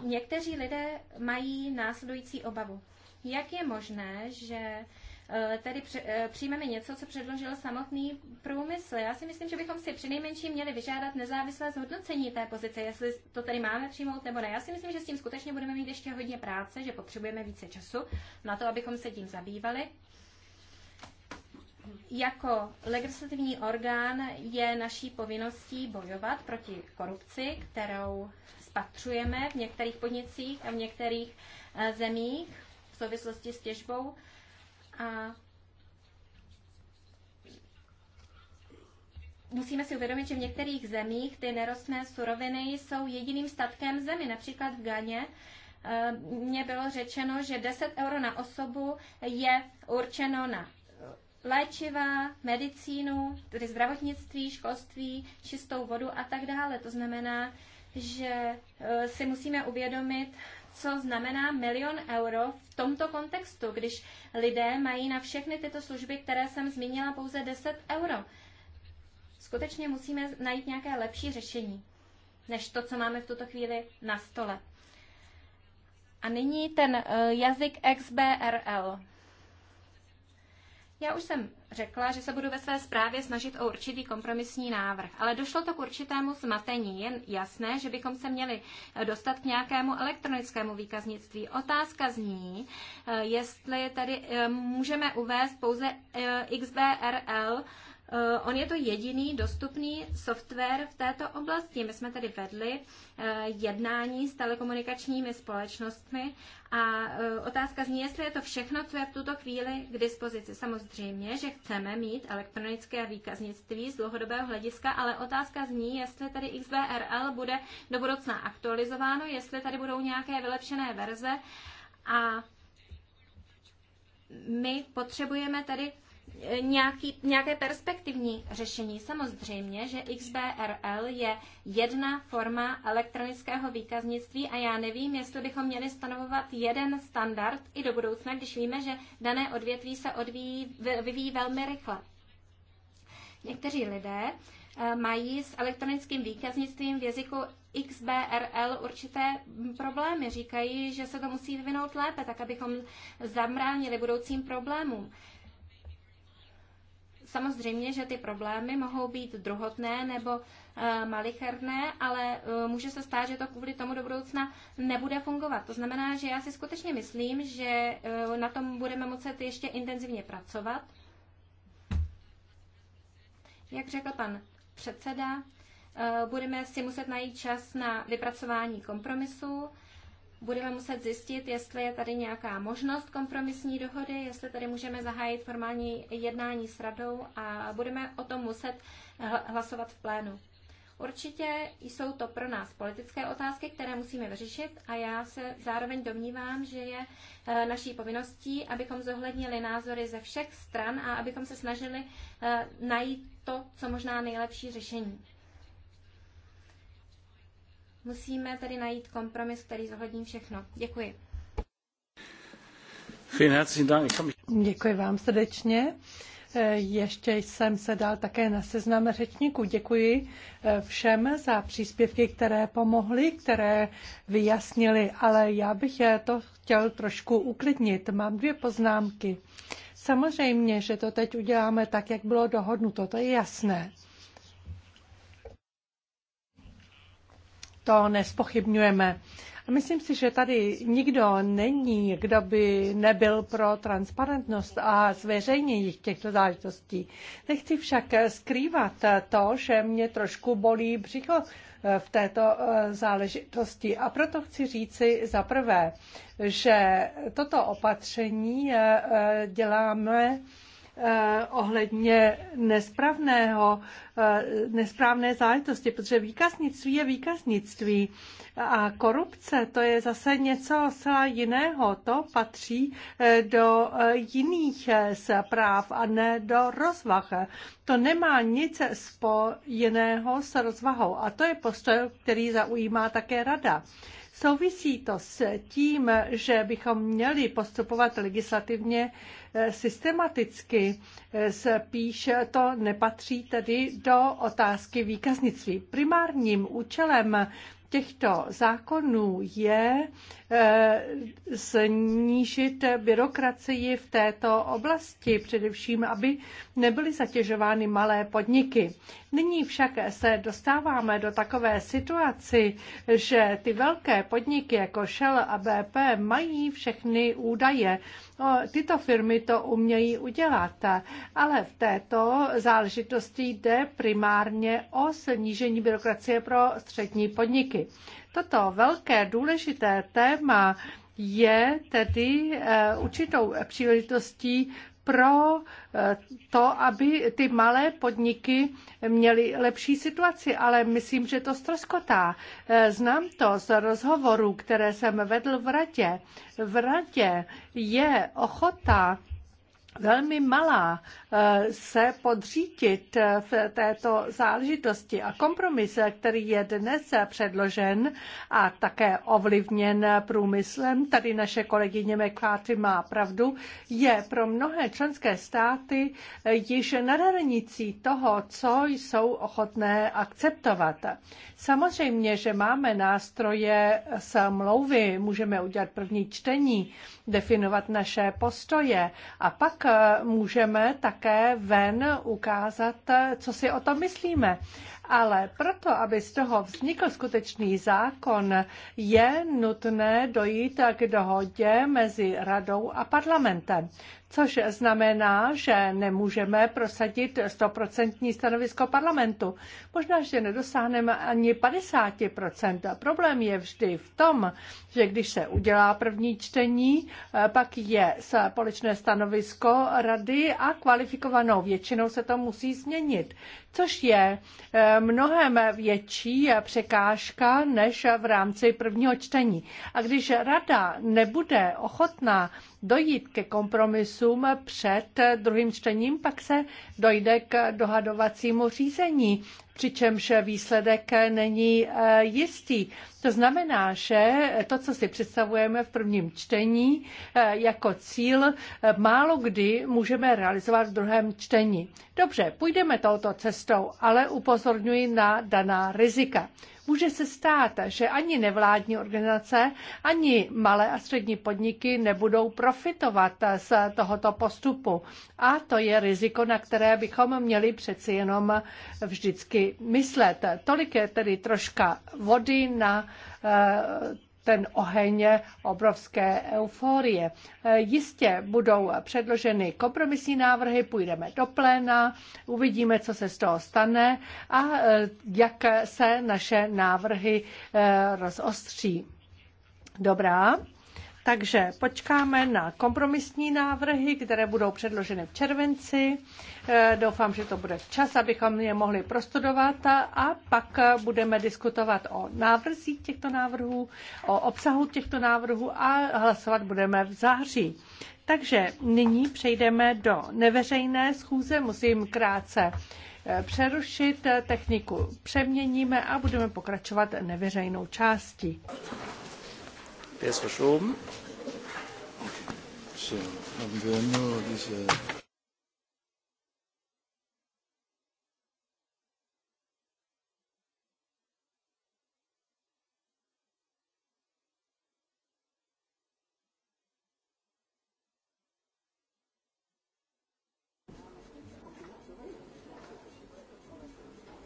někteří lidé mají následující obavu. Jak je možné, že eh, tedy eh, přijmeme něco, co předložil samotný průmysl. Já si myslím, že bychom si přinejmenším měli vyžádat nezávislé zhodnocení té pozice, jestli to tady máme přijmout nebo ne. Já si myslím, že s tím skutečně budeme mít ještě hodně práce, že potřebujeme více času na to, abychom se tím zabývali. Jako legislativní orgán je naší povinností bojovat proti korupci, kterou spatřujeme v některých podnicích a v některých eh, zemích v souvislosti s těžbou. A musíme si uvědomit, že v některých zemích ty nerostné suroviny jsou jediným statkem zemi. Například v Ganě eh, mně bylo řečeno, že 10 euro na osobu je určeno na eh, léčiva, medicínu, tedy zdravotnictví, školství, čistou vodu a tak dále. To znamená, že eh, si musíme uvědomit, co znamená milion euro v tomto kontextu, když lidé mají na všechny tyto služby, které jsem zmínila, pouze 10 euro. Skutečně musíme najít nějaké lepší řešení, než to, co máme v tuto chvíli na stole. A nyní ten eh, jazyk XBRL. Já už jsem řekla, že se budu ve své zprávě snažit o určitý kompromisní návrh, ale došlo to k určitému zmatení. Je jasné, že bychom se měli dostat k nějakému elektronickému výkaznictví. Otázka zní, eh, jestli tady eh, můžeme uvést pouze eh, XBRL Eh, on je to jediný dostupný software v této oblasti. My jsme tady vedli eh, jednání s telekomunikačními společnostmi a eh, otázka zní, jestli je to všechno, co je v tuto chvíli k dispozici. Samozřejmě, že chceme mít elektronické výkaznictví z dlouhodobého hlediska, ale otázka zní, jestli tady XBRL bude do budoucna aktualizováno, jestli tady budou nějaké vylepšené verze a my potřebujeme tady nějaký, nějaké perspektivní řešení. Samozřejmě, že XBRL je jedna forma elektronického výkaznictví a já nevím, jestli bychom měli stanovovat jeden standard i do budoucna, když víme, že dané odvětví se odvíjí, vyvíjí velmi rychle. Někteří lidé eh, mají s elektronickým výkaznictvím v jazyku XBRL určité problémy. Říkají, že se to musí vyvinout lépe, tak abychom zamránili budoucím problémům samozřejmě, že ty problémy mohou být druhotné nebo eh, malicherné, ale eh, může se stát, že to kvůli tomu do budoucna nebude fungovat. To znamená, že já si skutečně myslím, že eh, na tom budeme muset ještě intenzivně pracovat. Jak řekl pan předseda, budeme si muset najít čas na vypracování kompromisu budeme muset zjistit, jestli je tady nějaká možnost kompromisní dohody, jestli tady můžeme zahájit formální jednání s radou a budeme o tom muset hlasovat v plénu. Určitě jsou to pro nás politické otázky, které musíme vyřešit a já se zároveň domnívám, že je eh, naší povinností, abychom zohlednili názory ze všech stran a abychom se snažili eh, najít to, co možná nejlepší řešení. Musíme tedy najít kompromis, který zohlední všechno. Děkuji. Děkuji vám srdečně. E, ještě jsem se dal také na seznam řečníků. Děkuji e, všem za příspěvky, které pomohly, které vyjasnili, ale já bych to chtěl trošku uklidnit. Mám dvě poznámky. Samozřejmě, že to teď uděláme tak, jak bylo dohodnuto, to je jasné. to nespochybňujeme. A myslím si, že tady nikdo není, kdo by nebyl pro transparentnost a zveřejnění těchto záležitostí. Nechci však skrývat to, že mě trošku bolí břicho eh, v této eh, záležitosti. A proto chci říci za prvé, že toto opatření eh, děláme Eh, ohledně nespravného, eh, nesprávné záležitosti, protože výkaznictví je výkaznictví a korupce to je zase něco zcela jiného. To patří eh, do jiných zpráv a ne do rozvah. To nemá nic spojeného s rozvahou a to je postoj, který zaujímá také rada. Souvisí to s tím, že bychom měli postupovat legislativně Eh, systematicky. Eh, Spíš to nepatří tedy do otázky výkaznictví. Primárním účelem těchto zákonů je Eh, snížit byrokracii v této oblasti, především, aby nebyly zatěžovány malé podniky. Nyní však se dostáváme do takové situaci, že ty velké podniky jako Shell a BP mají všechny údaje. Tyto firmy to umějí udělat, ale v této záležitosti jde primárně o snížení byrokracie pro střední podniky. Toto velké důležité téma je tedy eh, určitou příležitostí pro eh, to, aby ty malé podniky měly lepší situaci, ale myslím, že to stroskotá. Eh, znám to z rozhovorů, které jsem vedl v radě. V radě je ochota velmi malá eh, se podřítit eh, v této záležitosti. A kompromis, eh, který je dnes předložen a také ovlivněn průmyslem, tady naše kolegyně McCarthy má pravdu, je pro mnohé členské státy již na hranicí toho, co jsou ochotné akceptovat. Samozřejmě, že máme nástroje smlouvy, můžeme udělat první čtení, definovat naše postoje a pak eh, můžeme také ven ukázat, eh, co si o tom myslíme. Ale proto, aby z toho vznikl skutečný zákon, je nutné dojít k dohodě mezi radou a parlamentem což znamená, že nemůžeme prosadit stoprocentní stanovisko parlamentu. Možná, že nedosáhneme ani 50%. Problém je vždy v tom, že když se udělá první čtení, eh, pak je společné stanovisko rady a kvalifikovanou většinou se to musí změnit, což je eh, mnohem větší překážka než v rámci prvního čtení. A když rada nebude ochotná dojít ke kompromisům před druhým čtením, pak se dojde k dohadovacímu řízení přičemž výsledek není eh, jistý. To znamená, že to, co si představujeme v prvním čtení eh, jako cíl, eh, málo kdy můžeme realizovat v druhém čtení. Dobře, půjdeme touto cestou, ale upozorňuji na daná rizika. Může se stát, že ani nevládní organizace, ani malé a střední podniky nebudou profitovat z tohoto postupu. A to je riziko, na které bychom měli přeci jenom vždycky myslet. Tolik je tedy troška vody na eh, ten oheň obrovské euforie. Eh, jistě budou předloženy kompromisní návrhy, půjdeme do pléna, uvidíme, co se z toho stane a eh, jak se naše návrhy rozostří. Dobrá. Takže počkáme na kompromisní návrhy, které budou předloženy v červenci. E, doufám, že to bude včas, abychom je mohli prostudovat a pak budeme diskutovat o návrzích těchto návrhů, o obsahu těchto návrhů a hlasovat budeme v září. Takže nyní přejdeme do neveřejné schůze. Musím krátce e, přerušit, techniku přeměníme a budeme pokračovat neveřejnou částí. Der ist verschoben. So, haben wir nur diese